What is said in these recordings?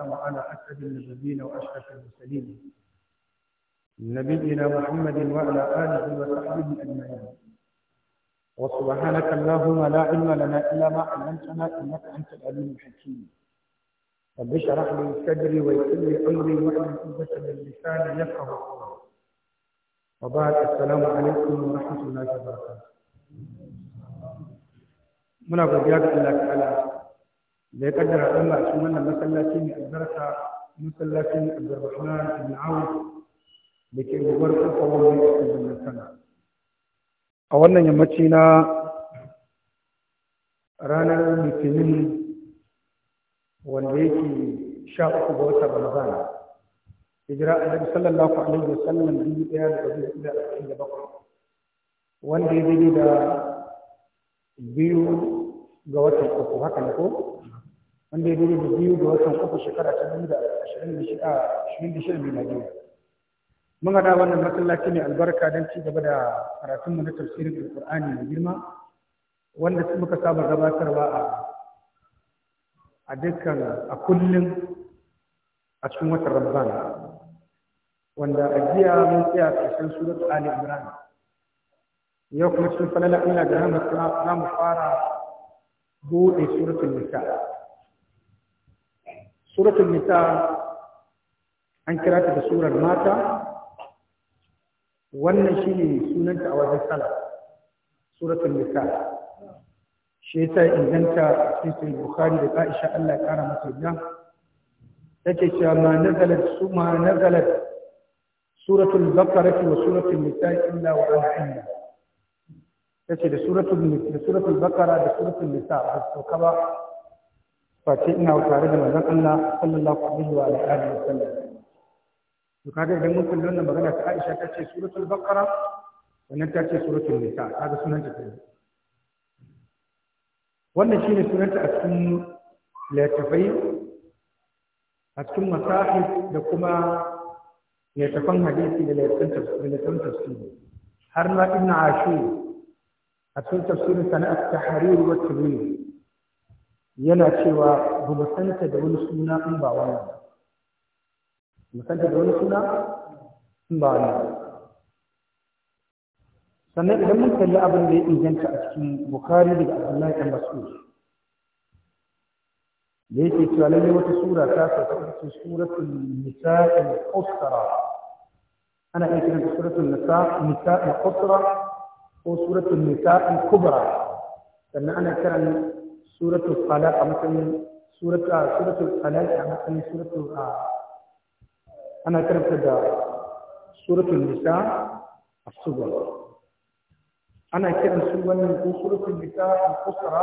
والسلام على أسعد النبيين وأشرف المرسلين نبينا محمد وعلى آله وصحبه أجمعين وسبحانك اللهم لا علم لنا إلا ما علمتنا إنك أنت العليم الحكيم رب اشرح لي صدري ويسر لي أمري واحلل عقدة من لساني يفقه قولي وبعد السلام عليكم ورحمة الله وبركاته muna godiya ga Allah ta'ala da ya kaddara Allah shi wannan masallaci ne albarka masallacin Abdurrahman ibn Auf da ke gobar kofa da a wannan sana a wannan yammaci na ranar litinin wanda yake sha uku ga wata Ramadan hijira annabi sallallahu alaihi sallam biyu ɗaya da ɗari hudu da arba'in da bakwai wanda ya zai da biyu ga watan uku haka ne ko wanda ya daidai da biyu ga watan uku shekara ta biyu da ashirin da shida ashirin da shida miladiya mun haɗa wannan masallaci mai albarka don ci gaba da karatunmu na tafsirin alƙur'ani mai girma wanda muka saba gabatarwa a a dukkan a kullum a cikin watan ramadan wanda a jiya mun tsaya ƙarshen suratul ali imran yau kuma cikin falala ina da rahmatsa za mu fara buɗe suratul nisa suratul nisa an kira ta da surar mata wannan shi ne sunanta a wajen salaf suratul nisa shi yasa inganta cikin bukhari da aisha Allah ya kara masa yadda take cewa ma nazalat suma nazalat suratul baqara wa suratul nisa illa wa ana inda tace da suratul da suratul baqara da suratul nisa ba su kaba face ina tare da manzon Allah sallallahu alaihi wa alihi wa sallam to kaga idan mun kullun nan magana ta Aisha ta ce suratul baqara wannan ta ce suratul nisa kaga sunan ta wannan shine sunanta a cikin littafai a cikin masahif da kuma littafan hadisi da littafan tafsiri har ma ibn ashur a cikin tafsirin sana'at tahrir wa tabrir yana cewa ba mu santa da wani suna in ba wannan ba mu santa da wani suna in ba wannan sannan idan mun kalli abin da ya inganta a cikin bukari daga abdullahi dan mas'ud da yake cewa lalle wata sura ta sauka ita suratul nisa'il qusra ana iya kiran suratul nisa'il qusra ko suratul nisa'il kubra sannan ana kiran suratul falaq a matsayin surata suratul falaq a matsayin suratul a ana karanta da suratul nisa a subar ana kiran su wannan ko suratul nisa al-qusra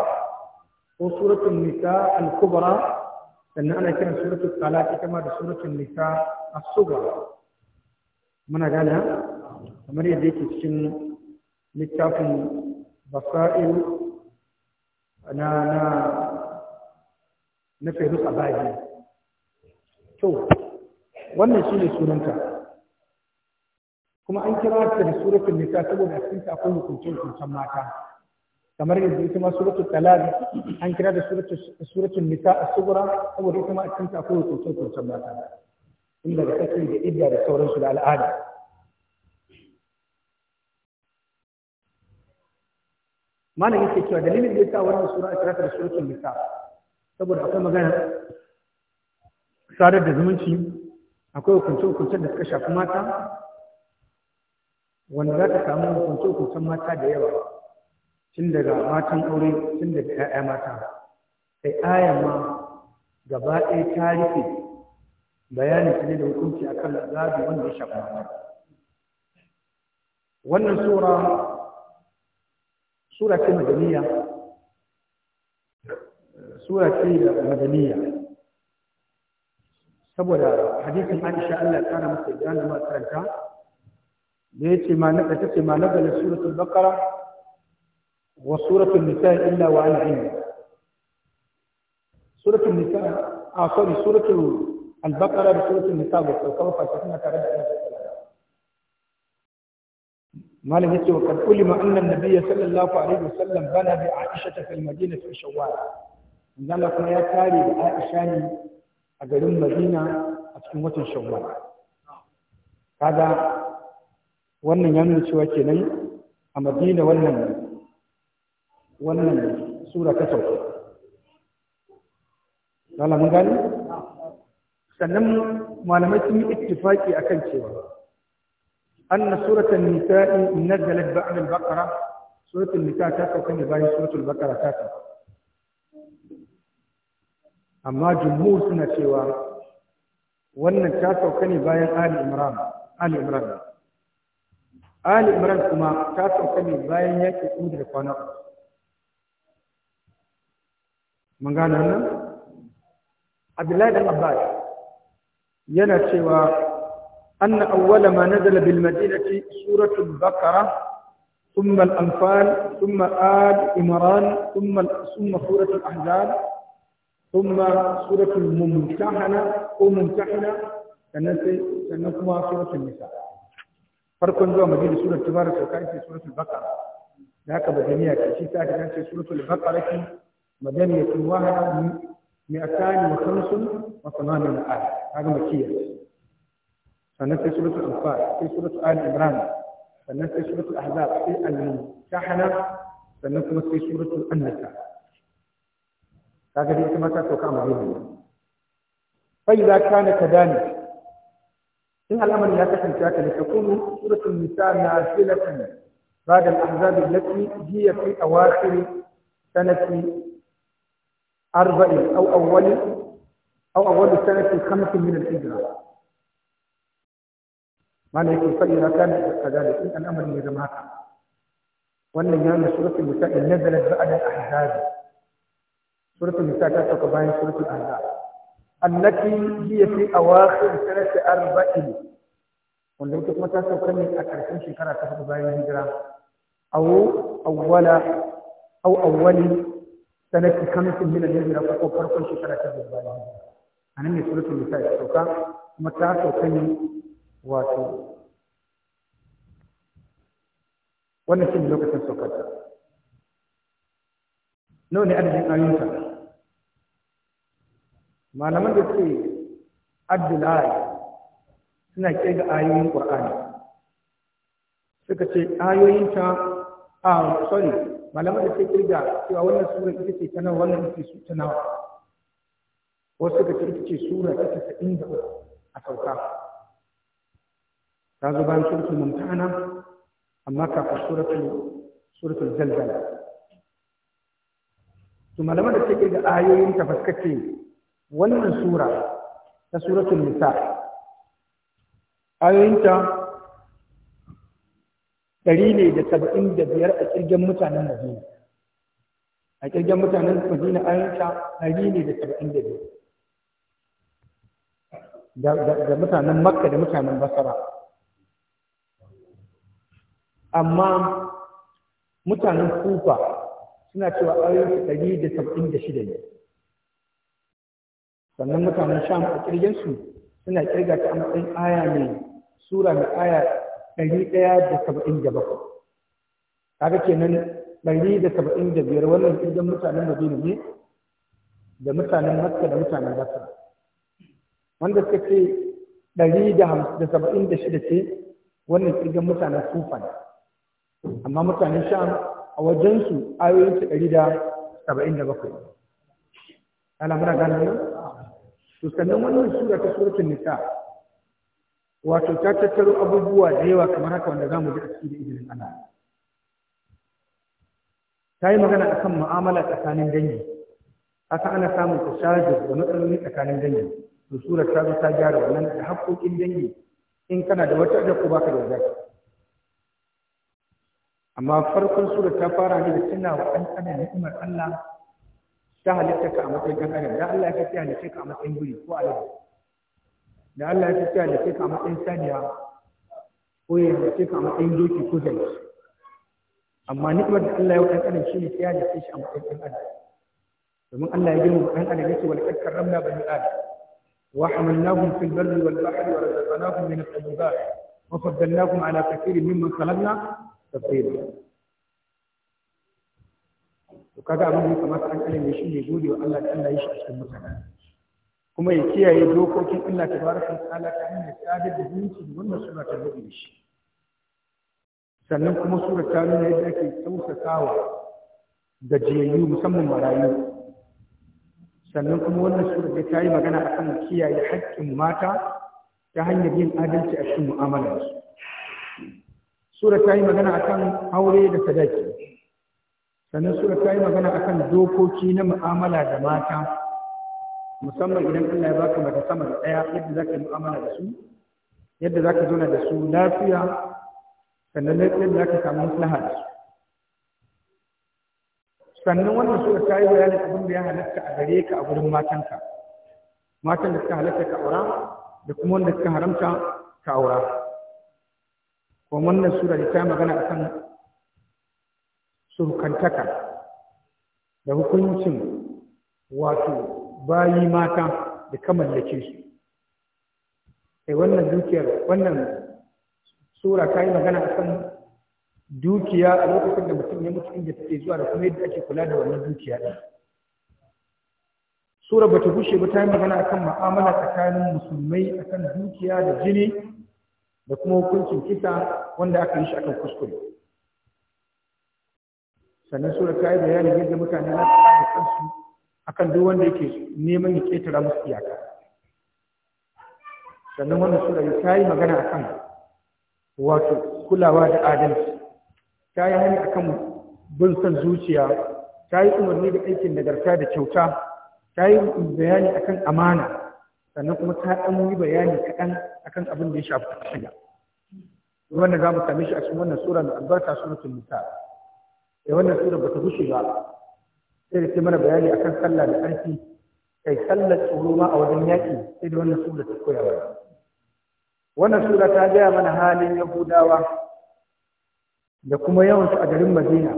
ko suratul nisa al-kubra sannan ana kiran suratul talaq ita ma da suratul nisa as-sughra muna gane kamar yadda yake cikin littafin basail na na na fairuz abadi to wannan shi ne sunanta kuma an kira ta da suratun nisa saboda a cikin akwai hukuncin hukuncin mata kamar yanzu, ita ma suratun talari, an kira da suratun nisa a sughra saboda ita ma a cikin akwai hukuncin hukuncin mata inda da take da idda da sauransu da al'ada malam yake cewa dalilin da yasa wannan sura aka rata da surutun nisa saboda akwai magana sadar da zumunci akwai hukunce-hukuncen da suka shafi mata wanda za ta samu hukunce-hukuncen mata da yawa tun daga matan aure tun daga 'ya'ya mata sai aya ma gaba ɗaya ta rufe bayanin ta ne da hukunci akan zabi wanda ya shafi mata wannan sura سورة مدنية سورة مدنية سبورة حديث ما شاء الله كان مستجانا ما ترجع ليتي ما نقل ما نقل سورة البقرة وسورة النساء إلا وعن علم سورة النساء آه سورة البقرة بسورة النساء وقوفة سورة النساء malam yace wa kad ulima anna an sallallahu alaihi wasallam bana bi aisha ta fil madina fi shawwal manzo kuma ya tare da aisha ne a garin madina a cikin watan shawwal kaga wannan ya nuna cewa kenan a madina wannan wannan sura ta sauka malamin gani sannan malamai sun yi ittifaki akan cewa أن سورة النساء نزلت بعد البقرة سورة النساء تاتا وكان يباني سورة البقرة تاتا أما جمهور سنة شوى وأن تاتا وكان يباني آل إمران آل إمران آل إمران كما تاتا وكان يباني يكي أود لقوانا من قال هنا عبد الله بن عباس yana cewa أن أول ما نزل بالمدينة سورة البقرة ثم الأنفال ثم آل إمران ثم ثم سورة الأحزاب ثم سورة الممتحنة أو ممتحنة sannan kuma suratul nisa farkon zuwa madina suratul tabarak ta ce suratul baqara da haka madaniya ce shi ta ga ce suratul baqara ki madaniyatul wahid mi'atan wa ma wa فنفس في سورة الأنفال في سورة آل عمران فنفس في سورة الأحزاب في المنتحنة فنفس في سورة النساء هذا ليس ما تتوقع مهم فإذا كان كذلك إن الأمر لا تكن شاكا لتكون سورة النساء نازلة بعد الأحزاب التي هي في أواخر سنة أربع أو أول أو أول سنة خمس من الهجرة mana yake faɗi na kana da kaza da in al'amarin ya zama haka wannan ya nuna suratul nisa in nazalat ba'da al-ahzab suratul nisa ta sauka bayan suratul ahzab allati hiya fi awakhir sanati arba'in wanda ita kuma ta sauka ne a ƙarshen shekara ta hudu bayan hijira aw awwala aw awwali sanati khamsin min al-hijra ko farkon shekara ta hudu bayan hijira anan ne suratul nisa ta sauka kuma ta sauka ne wato wannan shi ne lokacin saukarta nawa ne adadin ayyuka malaman da suke abdullahi suna ke ga ayoyin ƙwar'ani suka ce ayoyin ta a sorry malaman da suke kirga cewa wannan sura ita ce ta nawa wannan ita ce ta nawa wasu suka ce ita ce sura ta 93 a sauka ta zo bayan suratul mumtana amma kafin suratul suratul zalzala to malaman da take da ayoyin ta fuskace wannan sura ta suratul nisa ayoyinta ɗari ne da saba'in da biyar a ƙirgen mutanen Madina. A ƙirgen mutanen Madina ayoyinta ɗari ne da saba'in da biyar. Da mutanen Makka da mutanen Basra. amma mutanen kufa suna cewa ayoyinsu ɗari da saba'in da shida ne sannan mutanen sham a ƙirgensu suna ƙirga ta a matsayin aya ne sura mai aya ɗari ɗaya da saba'in da bakwai kaga kenan ɗari da saba'in da biyar wannan ƙirgen mutanen madina ne da mutanen makka da mutanen basra wanda suka ce ɗari da saba'in da shida ce wannan ƙirgen mutanen kufa ne amma mutanen sham a wajensu ayoyinsu ɗari da saba'in da bakwai muna gano ne to sannan wannan sura ta surutun nisa wato ta tattaro abubuwa da yawa kamar haka wanda za mu ji a cikin izinin ana ta yi magana akan mu'amala tsakanin dangi haka ana samun shaji da matsaloli tsakanin dangi to sura ta zo ta gyara wannan da haƙoƙin dangi in kana da wata da ko baka da wata amma farkon sura ta fara ne da tana wa ɗan adam ni'imar Allah ta halitta ka a matsayin ɗan adam da Allah ya ta halitta ka a matsayin guri ko alaji da Allah ya ta halitta ka a matsayin saniya ko ya halitta ka a matsayin doki ko zai amma ni'imar da Allah ya wa ɗan adam shi ne ta halitta shi a matsayin ɗan adam domin Allah ya girma ɗan adam yake wal kakkar ramna bani adam wa hamalnahum fil barri wal bahri wa razaqnahum min at-tayyibat wa faddalnahum ala kathirin mimman khalaqna tafsiri to kaga abin da ya kamata an shi ne gode wa Allah da Allah ya shi cikin mutane kuma ya kiyaye dokokin Allah tabaraka wa ta'ala ta hanyar sadar da da wannan suna ta da shi sannan kuma sura ta nuna yadda ake tausasawa gajiyayyu musamman marayu sannan kuma wannan sura da ta yi magana a kan kiyaye haƙƙin mata ta hanyar yin adalci a cikin mu'amalarsu sura ta yi magana akan aure da sadaki sannan sura ta yi magana akan dokoki na mu'amala da mata musamman idan Allah ya baka mata sama da ɗaya yadda za ka yi mu'amala da su yadda za ka zauna da su lafiya sannan yadda za ka samu maslaha da su sannan wannan sura ta yi bayanin abin da ya halatta a gare ka a gurin matanka matan da suka halatta ka aura da kuma wanda suka haramta ka aura kuma wannan sura da ta magana akan surukantaka da hukuncin wato bayi mata da kamar da su sai eh, wannan dukiyar wannan sura ta yi magana akan dukiya a lokacin da mutum ya mutu inda take zuwa da kuma yadda ake kula da wannan dukiya ɗin sura bata gushe ba ta yi magana akan ma'amala tsakanin musulmai akan dukiya da jini da kuma hukuncin kisa wanda aka yi shi akan kuskure sannan sura ta yi bayani yadda mutane za su kare kansu akan duk wanda yake neman ya ketara musu iyaka sannan wannan sura ta yi magana akan wato kulawa da adalci ta yi hani akan bin son zuciya ta yi umarni da aikin nagarta da kyauta ta yi bayani akan amana sannan kuma ta ɗan yi bayani kaɗan akan abin da ya shafi shiga wanda za mu same shi a cikin wannan sura mai albarka suratul nisa da eh, wannan sura bata gushe ba sai da ke mana bayani akan sallah da ƙarfi kai sallar tsoro ma a wajen yaƙi sai da wannan sura ta koya wa wannan sura ta gaya mana halin yahudawa da kuma yawansu a garin madina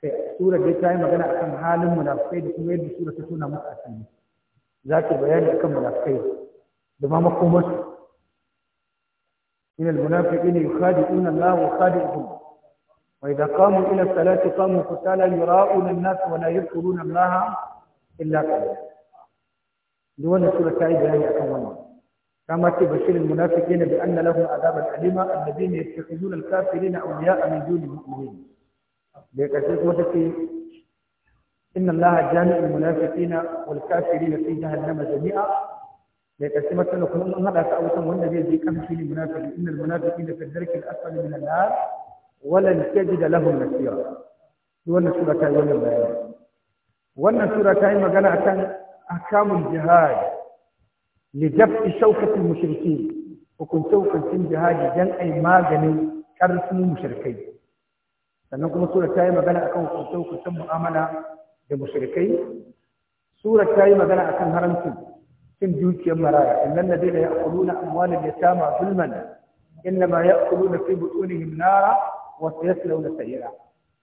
sai sura da ta yi magana akan halin munafikai da kuma yadda sura ta tona musu asiri za ta bayani akan munafikai da ma makomarsu من المنافقين يخادعون الله وخادعهم وإذا قاموا إلى الصلاة قاموا كسالى يراؤون الناس ولا يذكرون الله إلا قليلا دون سورة عيد هي أكمل كما تبشر المنافقين بأن لهم عذابا أليما الذين يتخذون الكافرين أولياء من دون المؤمنين لكن إن الله جامع المنافقين والكافرين في جهنم جميعا لتسمى لكم أن لا تأوتم والنبي الذي كان في المنافق إن المنافقين في الدرك الأسفل من النار ولن تجد لهم نسيرا دون سورة كايون البيان وأن سورة كايما قال أحكام الجهاد لجب شوكة المشركين وكن شوكة في الجهاد جن أي ما جنوا كرسموا مشركين لأنكم سورة كايما قال أكان شوكة ثم أمنا da mushrikai surar ta yi magana akan haramcin cin dukiyar maraya innan na daina ya'kuluna amwalal yatama zulman innama ya'kuluna fi butunihim nara wa sayaslawna sa'ira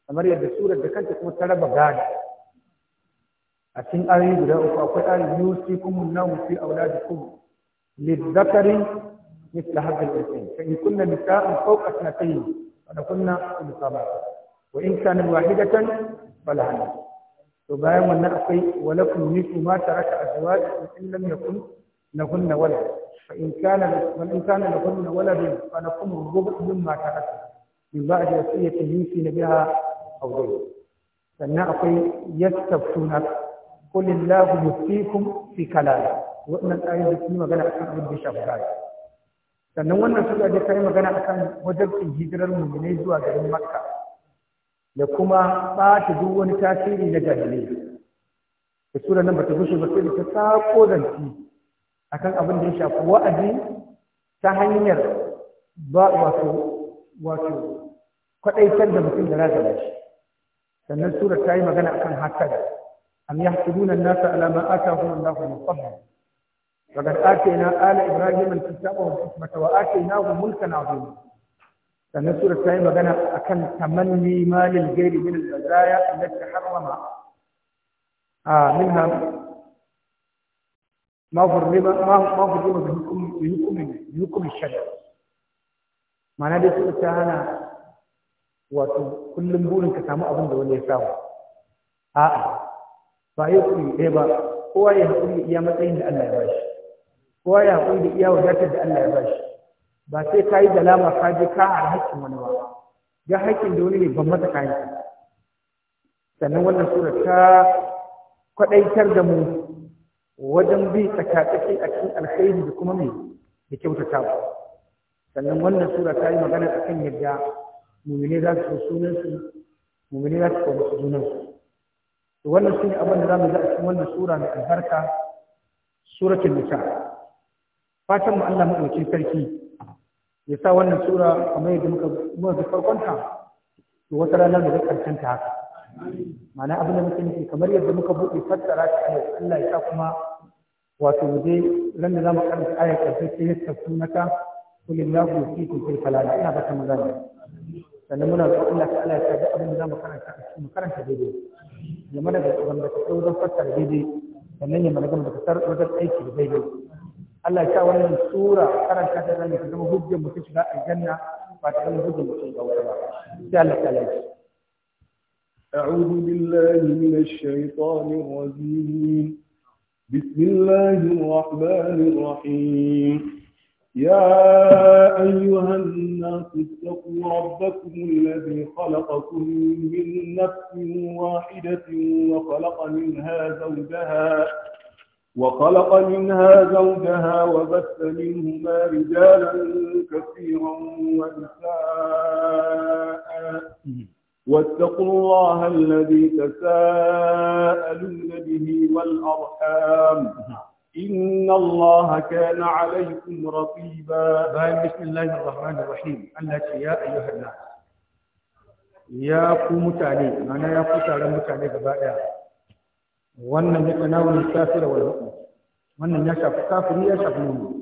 kamar yadda surar da kanta kuma ta raba gada a cikin ayoyi guda uku akwai ayoyi yusikum nawu fi auladikum للذكر مثل هذا الانسان فان كن نساء فوق اثنتين فلهن ثلث ما وان كانت واحده فلها نصف to bayan wannan akwai walakum nisu ma taraka azwajukum in lam yakun lahunna walad fa in kana wa in kana lahunna walad fa lakum rubu' mimma taraka min ba'di wasiyatin yusina biha aw ghayr sannan akwai yastaftunak qul illahu yuftikum fi kalam wannan ayoyin da su magana akan abin da ya sannan wannan sura da ta yi magana akan wajabcin hijirar mu'minai zuwa garin makka da kuma ɓata duk wani tasiri na jahilai da sura nan bata gushe ba sai da ta sako zanci akan abin da ya shafi wa'azi ta hanyar ba wato wato kwadaitar da mutum da razana shi sannan sura ta yi magana akan hasada am yahsuduna an-nasa ala ma atahum Allahu min fadli wa qad atayna ala ibrahima al-kitaba wal hikmata wa atainahum mulkan 'azima sannan da ta yi magana akan tamanni malil gairi min al-mazaya allati harrama a minha ma hurrima ma ma hurrima bi hukmi bi hukmi bi shari'a ma'ana dai su ta hana wato kullum burin ka samu abin da wani ya samu a'a ba ya kuri ɗaya ba kowa ya haƙuri iya matsayin da Allah ya bashi kowa ya haƙuri da iya wadatar da Allah ya bashi ba sai ka yi dalama ka je ka a haƙƙin wani ba ya haƙƙin da wani ne ban mata kayan sannan wannan sura ta kwaɗaitar da mu wajen bi tsakatsaki a cikin alkhairi da kuma mai da kyautata ku sannan wannan sura ta yi magana a kan yadda mumine za su sunansu mumine za su kwamu sunansu to wannan shi ne abin da za mu za a cikin wannan sura mai albarka suratul nisa fatan mu Allah ɗauki sarki ya sa wannan sura kamar yadda muka muka farkonta to wata rana mu ga karshen ta haka ma'ana abin da muke nufi kamar yadda muka buɗe fassara ta yau Allah ya sa kuma wato mu je ran da zamu karanta ayar karshe sai ya tafi mata kulillahu fi fil falala ina ba ta magana sannan muna roƙon Allah ta'ala ya sa abin da zamu karanta mu karanta daidai ya mana da wanda ka wajen fassara daidai sannan ya mana da ka wajen aiki da daidai Allah ya sa wannan sura karanta ta zama ta zama hujjar mutum shiga aljanna ba ta zama hujjar mutum ga wuta ba sai Allah ta lafi أعوذ بالله من الشيطان الرجيم بسم الله الرحمن الرحيم يا أيها الناس اتقوا ربكم الذي خلقكم من نفس واحدة وخلق منها زوجها وخلق منها زوجها وبث منهما رجالا كثيرا ونساء واتقوا الله الذي تساءلون به والأرحام إن الله كان عليكم رقيبا بسم الله الرحمن الرحيم التي يا أيها الناس يا قوم تعليم أنا يا قوم تعليم تعليم بائع wannan ya tanawul kafira wal mu'min wannan ya shafi kafiri ya shafi mu'min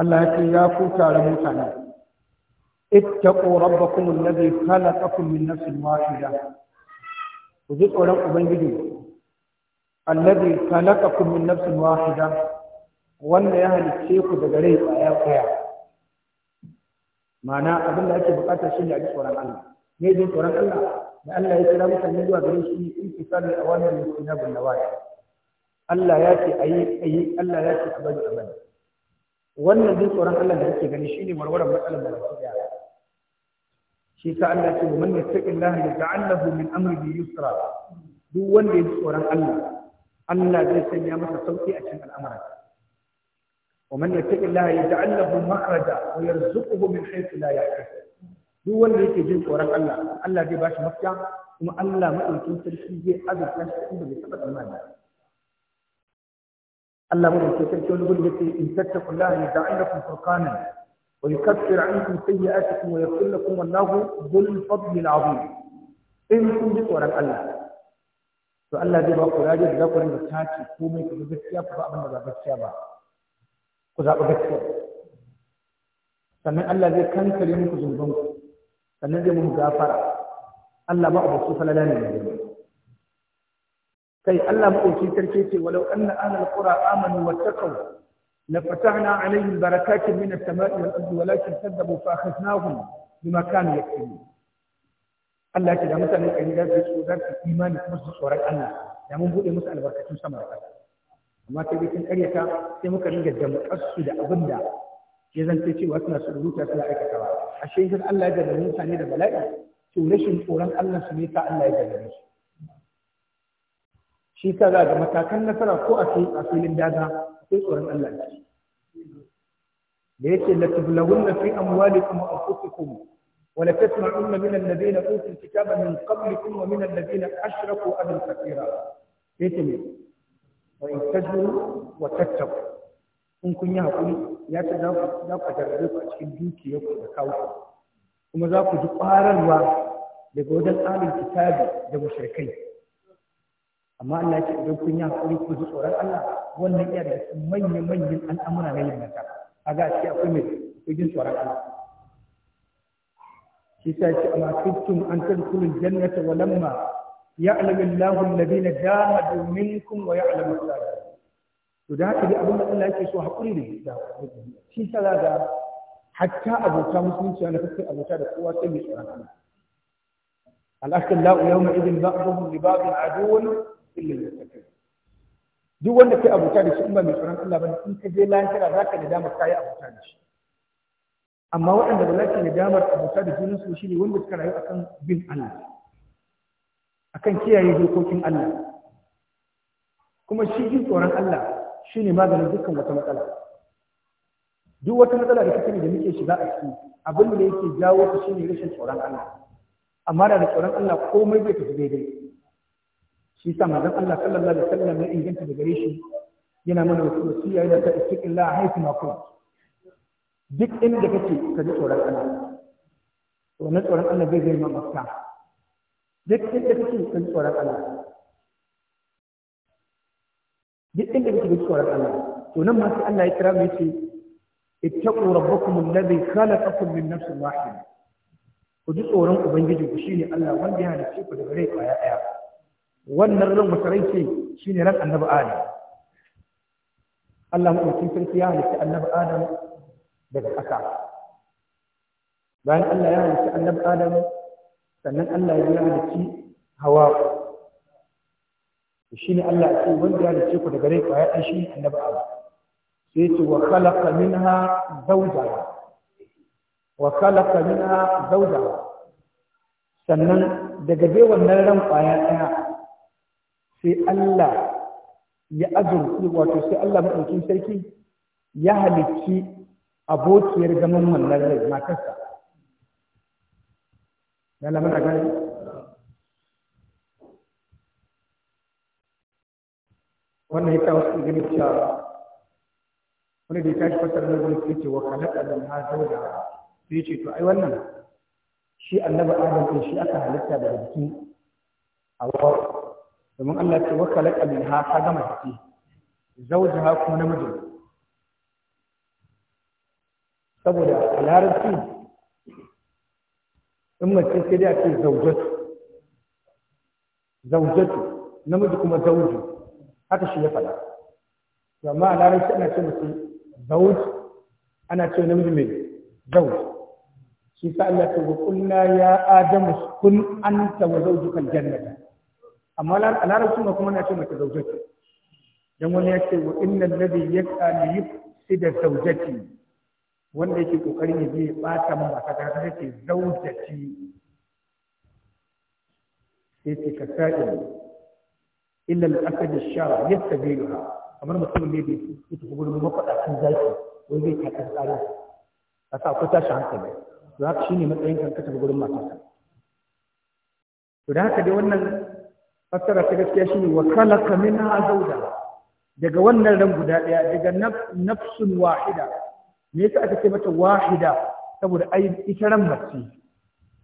Allah ya ce ya ku tare mutane ittaqu rabbakum alladhi khalaqakum min nafsin wahida ku ji tsoron ubangiji alladhi khalaqakum min nafsin wahida wanda ya halicce ku daga rai tsaya tsaya ma'ana abin da ake bukata shine a ji tsoron Allah me jin tsoron Allah da Allah ya kira mutane zuwa gare shi intisali awamir mustinabun nawahi Allah ya ce ayi ayi Allah ya ce abadi abadi wannan duk tsoron Allah da kake gani shine warwaran matsalar da kake da shi sa Allah ya ce man yattaqillaha yaj'alhu min amrihi yusra duk wanda ya tsoron Allah Allah zai sanya masa sauki a cikin al'amuran ومن يتق الله يجعل له مخرجا ويرزقه من حيث لا يحتسب duk wanda yake jin tsoron Allah Allah zai shi mafita kuma Allah madaukakin sarki zai azurta shi inda bai taba tsammani Allah madaukakin sarki wani gudu yace in tattaqullaha yaj'al lakum furqanan wa yukaffir 'ankum sayyi'atikum wa yaghfir lakum wallahu dhul fadli al'azim in kun ji tsoron Allah to Allah zai ba ku rajin da za ku rinka tace komai ku gaskiya ku ba abin da ba gaskiya ba ku zaɓi gaskiya sannan Allah zai kankare muku zunubanku sannan zai mun gafara Allah ma abu falala ne mai kai Allah ma abu sarki ce walau anna ahlul qura amanu wattaqu لفتحنا عليهم بركات من السماء والأرض ولكن كذبوا فأخذناهم بما كانوا يكسبون Allah ce da mutane ƙari za su so za su imani kuma su tsoron Allah da mun buɗe musu albarkatun sama da ƙasa amma sai dai sun ƙaryata sai muka ringa damƙar su da abin da ya zanta cewa suna surutu suna aikata ba. ashe idan Allah ya jarrabe mutane da bala'i to rashin tsoron Allah su ne ta Allah ya jarrabe su shi ta za ga matakan nasara ko a filin daga akwai tsoron Allah ya ne da yake la tublawunna fi amwalikum wa anfusikum wa la tasma'unna min alladhina utul kitaba min qablikum wa min alladhina ashraku adan kathira yake ne wa in tajru wa tattaqu in kun yi haƙuri ya ce za ku jarrabe ku a cikin dukiyar ku da kawo kuma za ku ji ƙwararwa daga wajen tsarin kitabi da mushrikai amma Allah ce idan kun yi haƙuri ku ji tsoron Allah wannan iya da su manya-manyan al'amura na yin nasa a ga shi akwai mai kujin tsoron Allah shi sa shi a kuntum an tadkhulul jannata walamma lahun labi na jahadu minkum wa ya'lamu as to da haka dai abin da Allah yake so haƙuri da gaskiya shi sa za ga hatta abota musulunci ana kasar abota da kowa sai mai tsoron Allah al-akhillau yawma idin ba'dhum li ba'dhin aduwwun illa al-muttaqin duk wanda kai abota da shi in ba mai tsoron Allah bane in ka je za ka da damar kayi abota da shi amma waɗanda ba za ka da damar abota da junan su shine wanda suka rayu akan bin Allah akan kiyaye dokokin Allah kuma shi jin tsoron Allah ne maganin dukkan wata matsala duk wata matsala da kake da muke shiga a ciki abin da yake jawo ta shine rashin tsoron Allah amma da tsoron Allah komai zai tafi daidai shi sa manzon Allah sallallahu alaihi wasallam ya inganta da gare shi yana mana wasiya ya ta istiqillah haifi ma kun duk inda kake ka ji tsoron Allah to na tsoron Allah zai zai ma mafita duk inda kake ka ji tsoron Allah duk inda kake da tsoron Allah to nan ma sai Allah ya kira mu yace ittaqu rabbakum alladhi khalaqakum min nafsin wahida ku ji tsoron ubangiji ku shine Allah wanda ya halicce ku daga rai kwaya daya wannan ran wata rai ce shine ran annabi Adam Allah mutum sarki ya halicce annabi Adam daga ƙasa bayan Allah ya halicce annabi Adam sannan Allah ya halicci Hawa ne Allah ya ce wanda ya ce ku daga rai ya ɗan shi annabi Adam sai ce wa khalaqa minha zawjaha wa khalaqa minha zawjaha sannan daga bai wannan ran kwaya ɗaya sai Allah ya azurki wato sai Allah madaukin sarki ya halicci abokiyar zaman wannan rai matarsa ya lamar a gani wannan ya kawo su gani cewa wani da ya tashi fasar na gudu sai ce wa khalaqa min ha zawja sai ce to ai wannan shi annabi adam din shi aka halitta daga A hawa domin Allah ce wa khalaqa min ha ka gama jiki zawja kuma namiji saboda a larabci in mace sai dai a ce zaujatu zaujatu namiji kuma zauju haka shi ya faɗa to amma a larabci ana ce mutum zawj ana ce namiji mai zawj shi sa Allah ta ga kulna ya adamu kun anta wa zawjuka aljannata amma a larabci ma kuma ana ce mata zawjati dan wani ya ce wa innal ladhi yaqali yufsida zawjati wanda yake kokarin ya je ya bata mun ba ta ta ce zawjati sai ce ka sa'in da al-asad ash-shara kamar mutumin ne bai fito gudun mafadacin zaki wai zai taka tsarin a sa ku tashi hankali to haka shine matsayin kan kace to da haka dai wannan fassara ta gaskiya shine wa khalaqa minha daga wannan ran guda ɗaya, daga nafsun wahida me yasa aka ce mata wahida saboda ai ita ran mace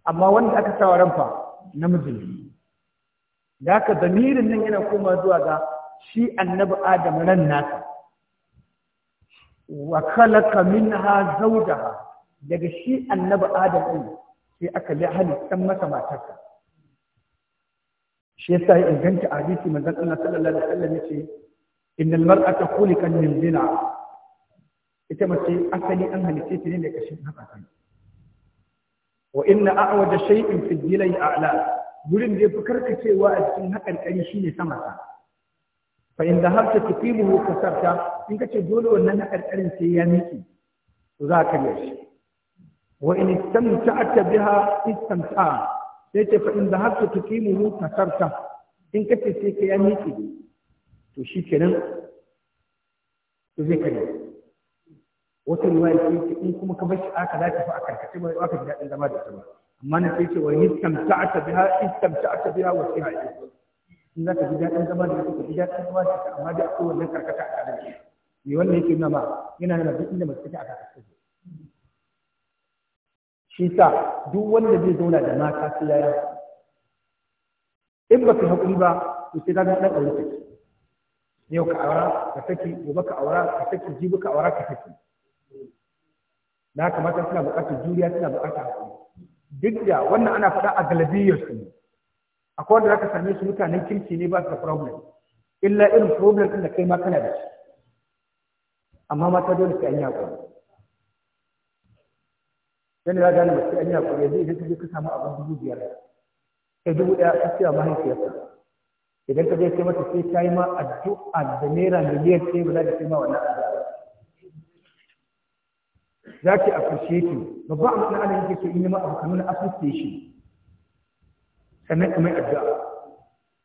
amma wanda aka sawa ran fa namiji ne da haka zamirin nan yana koma zuwa ga shi annabi adam ran nasa wa khalaqa minha zawjaha daga shi annabi adam din sai aka li halittan masa matarsa shi yasa ya inganta hadisi manzon Allah sallallahu alaihi wasallam yace innal mar'ata khuliqat min zina ita mace asali an halice ta ne daga shi haka wa inna a'wada shay'in fi dilai a'la gurin da ya fi karkacewa a cikin haƙarƙari shi ne ta fa in zahabta tuqimuhu kasarta in ce dole wannan haƙarƙarin sai ya miki to za ka yi shi wa in istamta'ta biha istamta'a sai ce fa in zahabta tuqimuhu kasarta in ka ce sai ka ya miki to shi kenan to zai kare wata riwaya ce in kuma ka bar shi aka za ta fi a karkace ba za ka ji daɗin zama da ita ba amma na sai ce wa istamta'ta biha istamta'ta biha wa sa'i in zaka ji dadin zama da kake ji dadin zama da amma da akwai wannan karkata a tare da shi me wannan yake nuna ba yana nuna duk inda mace take a karkata shi sa duk wanda zai zauna da mata sai yaya in ba ka haƙuri ba to sai ka ga dan aure take yau ka aura ka saki gobe ka aura ka saki jibi ka aura ka saki na kamata suna buƙatar juriya suna buƙatar haƙuri duk da wannan ana faɗa a galibiyar su ne akwai wanda zaka same su mutanen kirki ne ba su da problem illa irin problem ɗin da kai ma kana da shi amma mata dole sai an yi hakuri dan ya gane mace an yi hakuri yanzu idan kaje ka samu abin dubu biyar kai dubu ɗaya ka siya mahaifiyarka idan ka je kai mata sai ta yi ma addu'a da naira miliyan sai ba za ka kai ma wannan addu'a za ki appreciate babba a mutum ala yake ce inna yi ma abu kamar appreciation sannan kamar addu'a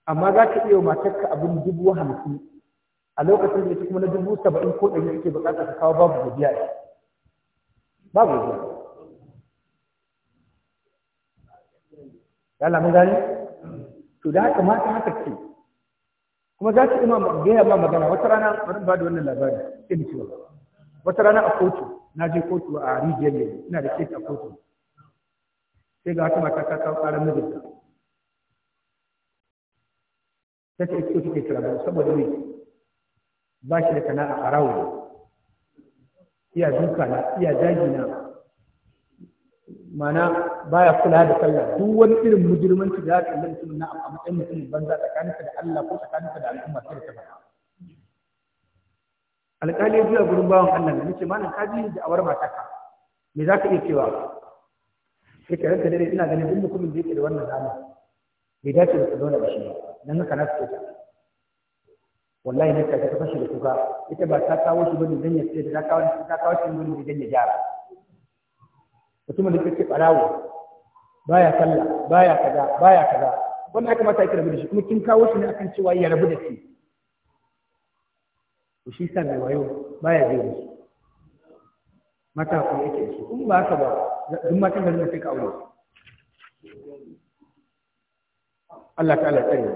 amma za ka iya matarka abin dubu hamsin a lokacin da ita kuma na dubu saba'in ko ɗari yake buƙatar ka kawo babu godiya babu godiya ya lamun gani to da haka mata haka ce kuma za ki ima gaya ma magana wata rana bari ba da wannan labari sai mu ci wata rana a kotu na je kotu a rijiyar ne ina da kes a kotu sai ga wata mata ta kawo ƙarar mijinta ta ce ita take kira saboda ne ba shi da kana a rawo iya duka na iya zagi na mana baya kula da sallah duk wani irin mujirmanci da ya ka kalli mutum na a matsayin mutum banza tsakaninsa da Allah ko tsakaninsa da al'umma sai da tabbata alƙali ya gurin bawan Allah ne nace malam ka ji da awar mataka me za ka iya cewa sai ka ranka dare ina ganin duk mutumin da yake da wannan zama bai dace da ka zauna da shi ba dan haka na fito ta wallahi ne ka ta fashe da kuka ita ba ta kawo shi bane dan ya ce ta kawo shi ta kawo shi bane dan ya gyara mutumin da kake farawo baya sallah baya kaza baya kaza wannan aka mata ya rabu da shi kuma kin kawo shi ne akan cewa ya rabu da shi Shisa shi sa mai wayo baya biyo musu mata ko yake su kun ba haka ba duk matan da suka ka aure Allah ta'ala yi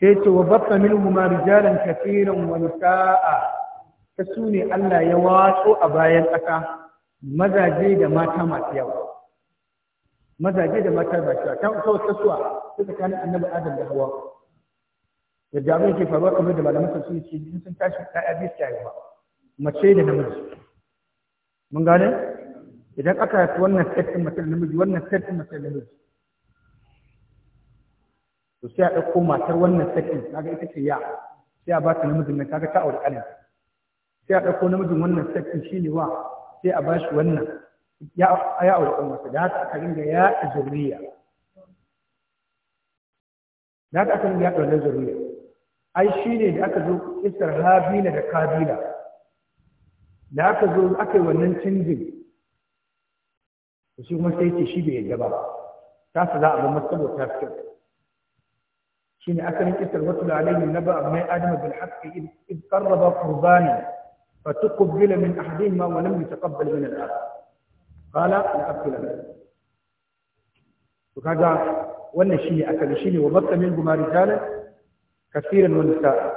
sai ce wa min huma rijalan katiran wa nisaa ta sune Allah ya watso a bayan ƙasa mazaje da mata masu yawa mazaje da mata masu yawa ta ta suwa ta tsakanin annabi Adam da hawa da jami'in ke faruwa kamar da sun sun ke in sun tashi ɗaya biyu yayi ba. mace da namiji mun gane idan aka haifi wannan set mace da namiji wannan set mace da namiji to sai a ɗauko matar wannan sakin kaga ita ce ya sai a ba ta namijin nan kaga ta auri ƙanin sai a ɗauko namijin wannan sakin shi ne wa sai a ba shi wannan ya auri ɗan mace da haka aka ringa ya zuriya da haka aka ringa ya ɗaunar zuriya ai ne da aka zo isar habila da kabila da aka zo aka yi wannan canjin shi kuma sai ce shi bai yadda ba ta su za a zama saboda ta fi shine asalin isar wasu na ba naba mai adama bin in karraba bil haqqi id qarraba qurbana فتقبل من أحدهما ولم يتقبل من الآخر قال لأقبل وكذا wannan shine akali shine wa bakka min gumari jalan kafiran min sa'a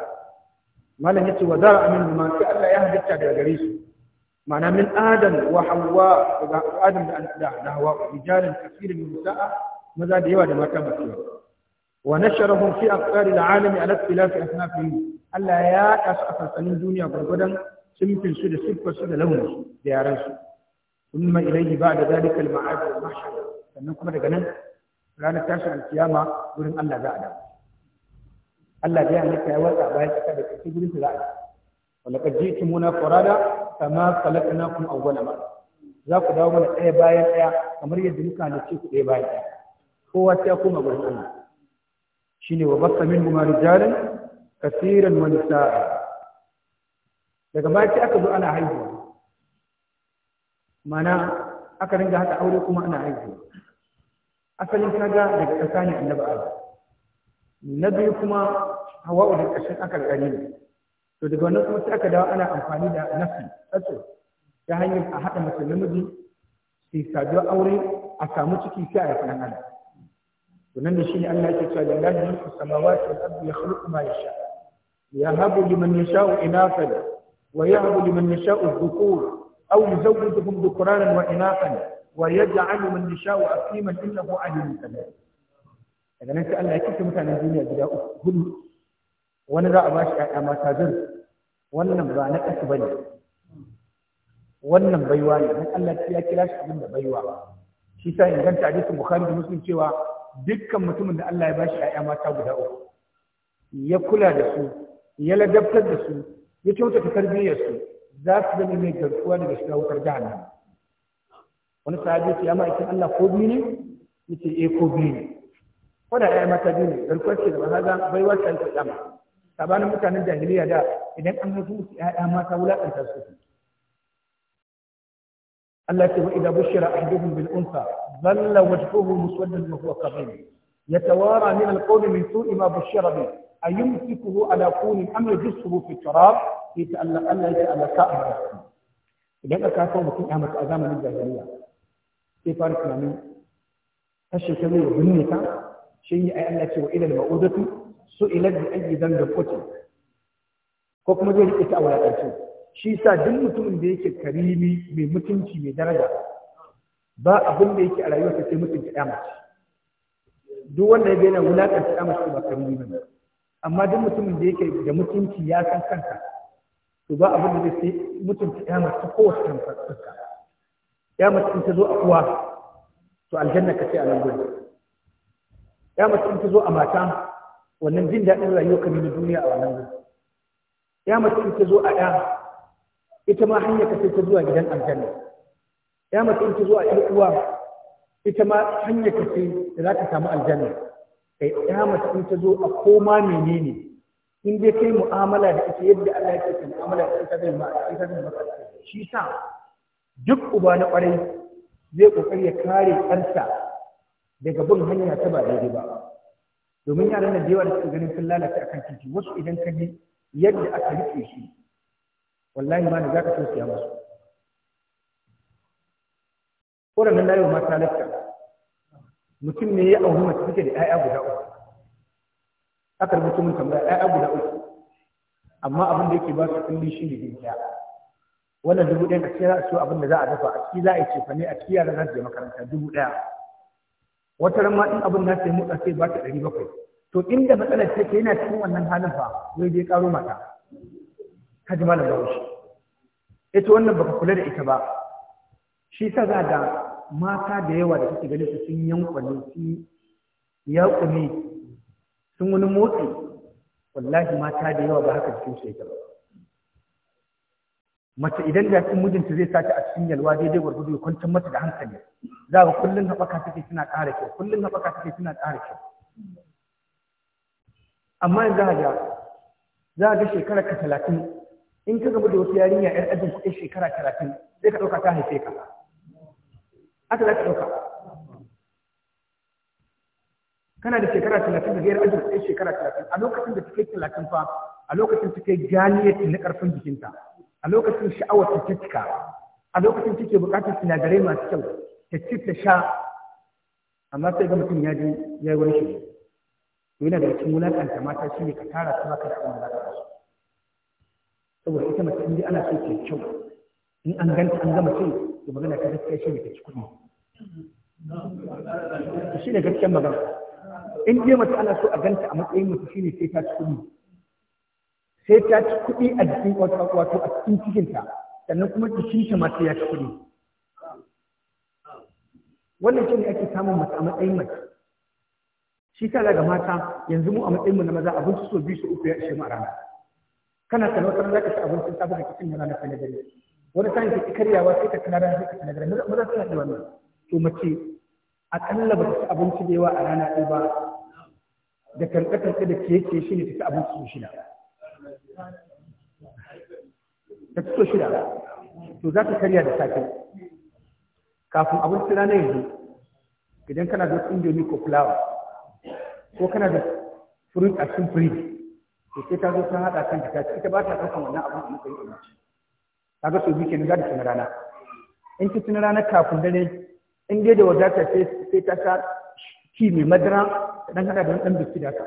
malam yace wa zara min ma sai Allah ya halitta daga gare su ma'ana min adam wa hawa daga adam da da hawa rijalan kafiran min sa'a maza da yawa da mata masu yawa wa nasharahum fi aqtar al-alam ala ikhtilaf asnafihim Allah ya kasu a sansanin duniya gurgudan simfin su da siffar su da launin su da yaran su ثم إليه بعد ذلك المعاد والمحشر sannan kuma daga nan ranar tashin alkiyama wurin Allah za a dawo Allah ya halitta ya watsa bayan kasa da kace gurin su za'a. a walaqad jitumuna qurada kama khalaqnakum awwala ma. za ku dawo mana ɗaya bayan ɗaya kamar yadda muka halicce ku ɗaya bayan ɗaya kowa sai ya koma gurin Allah shine wa basta minhum rijalan kaseeran wa nisaa daga baya sai aka zo ana haihuwa mana aka ringa haka aure kuma ana haihuwa asalin kaga daga tsakanin ne annabi na biyu kuma hawa'u da ƙarshen aka ne to daga wannan kuma sai aka dawo ana amfani da nafi tsatso ta hanyar a haɗa mace namiji sai saduwa aure a samu ciki sai a yafi nan ana to nan da shi ne Allah yake cewa lillahi mulku samawati wal ya yakhluqu ma ya sha. ya Habu liman yasha'u inathan wa yahabu liman yasha'u dhukur aw yuzawwijuhum dhukranan wa inathan ويجعل a يشاء أقيما إنه عليم قدير daga nan sai Allah ya kike mutanen duniya gida uku hudu wani za a ba shi ƴaƴa mata zan wannan ba na ƙasa bane wannan baiwa ne dan Allah ya kira shi abin da baiwa shi sa ganta hadisin Bukhari da Muslim cewa dukkan mutumin da Allah ya ba shi ƴaƴa mata guda uku ya kula da su ya ladabtar da su ya kyautata tarbiyyar su za su zama mai garkuwa daga shiga wutar jahannama wani sahabi ya ce ya ma'aikin Allah ko biyu ne yace eh ko biyu ne ko da ya yi maka dini alkwarci da mahaza bai wasa ta tsama sabanin mutanen jahiliya da idan an haifu musu ya'ya mata wulaƙanta su Allah ce wa idan bushira ahduhum bil unsa dhalla wajhuhu muswaddan wa huwa kadhib yatawara min al qawmi min su'i ma bushira bi ayumsikuhu ala kuni am yajsuhu fi turab fi ta'alla Allah ya ta'alla ka'ara idan ka kawo mutum ya mata a zamanin jahiliya sai fara tunanin kashe ta zai binne ta shin ai Allah ce wa ilal ma'udatu da ayi ayyi da qutil ko kuma zai rike ta a wadatarci shi sa duk mutumin da yake karimi mai mutunci mai daraja ba abin da yake a rayuwarsa sai mutunta ɗaya mace duk wanda ya yana wulakanta ɗaya mace ba karimi ba amma duk mutumin da yake da mutunci ya san kanka to ba abin da zai sai mutunta ɗaya ta kowace kan fuska ɗaya mace in ta zo a kuwa, to aljanna ka ce a nan gudu ya mace in ta zo a mata wannan jin daɗin rayuwa kamar na duniya a wannan gudu ya mace in ta zo a ɗa ita ma hanya ka sai ta zuwa gidan aljanna ya mace in ta zo a ƴan uwa ita ma hanya ka sai da za ta samu aljanna kai ya mace in ta zo a koma menene in dai kai mu'amala da ita yadda Allah ya ce mu'amala da ita zai ma ita zai maka shi sa duk uba na ƙwarai zai kokari ya kare kansa daga bin hanya ta ba daidai ba domin yaran da yawa da suke ganin sun lalace akan titi wasu idan ka ji yadda aka rike shi wallahi ma da zaka so siya musu koran nan dayo mata lakka mutum ne ya auri mace take da 'ya'ya guda uku aka rubuta mun tambaya 'ya'ya guda uku amma abin da yake ba su kulli shi ne dukiya wannan dubu ɗaya a cikin za a so abin da za a dafa a ciki za a yi cefane a ciki yaran za su je makaranta dubu ɗaya wata ran ma in abin na sai motsa sai ba ta ɗari bakwai to inda matsalar take yana cikin wannan halin fa wai dai karo mata ka ji malam bahaushe ita eh wannan baka kula da ita ba shi sa za ga mata da yawa da kake ganin su sun yankwane sun yaƙune sun wani motsi wallahi mata da yawa ba haka cikin su yake ba mace idan da kin mijinta zai sace a cikin yalwa daidai gwargwado ya kwantar mata da hankali za ga kullum haɓaka take suna ƙara kyau Kullum haɓaka take suna ƙara kyau amma yanzu za ga za ga shekara ka talatin in ka gaba da wata yarinya yar ajin kuɗin shekara talatin sai ka ɗauka ta haife ka haka za ka ɗauka kana da shekara talatin da gairar ajin kuɗin shekara talatin a lokacin da ta kai talatin fa a lokacin ta kai ganiyar na ƙarfin jikinta a lokacin sha'awar ta cika a lokacin take buƙatar sinadarai masu kyau ta ci ta sha amma sai ga mutum ya ji ya yi wani shi to yana da cikin wulaƙanta mata shi ne ka tara su maka da kuma da su saboda ita mace in ana so ke kyau in an ganta an gama ce to magana ta gaskiya shi ne ta ci kuɗi shi ne gaskiyar magana in je mace ana so a ganta a matsayin mace shi ne sai ta ci kuɗi sai ta ci kuɗi a jikin wato a cikin cikinta sannan kuma jikin shi ma ya ci kuɗi wannan shi ne ake samun mata a matsayin mace shi ta daga mata yanzu mu a matsayin na maza abinci so biyu so uku ya ishe mu a rana kana talautar za ka ci abincin safe ka kicin rana ka na dare wani sa'in ka ki karyawa sai ka kana rana sai ka kana maza suna da wannan to mace akalla ba ta ci abinci da yawa a rana ɗaya ba da kankan da ke ke shi ne ta ci abinci shi na. da fito shida to za ka karya da safe kafin abinci rana yanzu idan kana da indomi ko fulawa ko kana da fruit a cikin fridge to sai ta zo ta haɗa kan ta ce ita ba ta ɗaukan wannan abin a matsayin abinci Ta so biyu kenan za ta tuna rana in ki tuna rana kafin dare in dai da wadata sai ta sa ki mai madara dan hada da wani dan biskit haka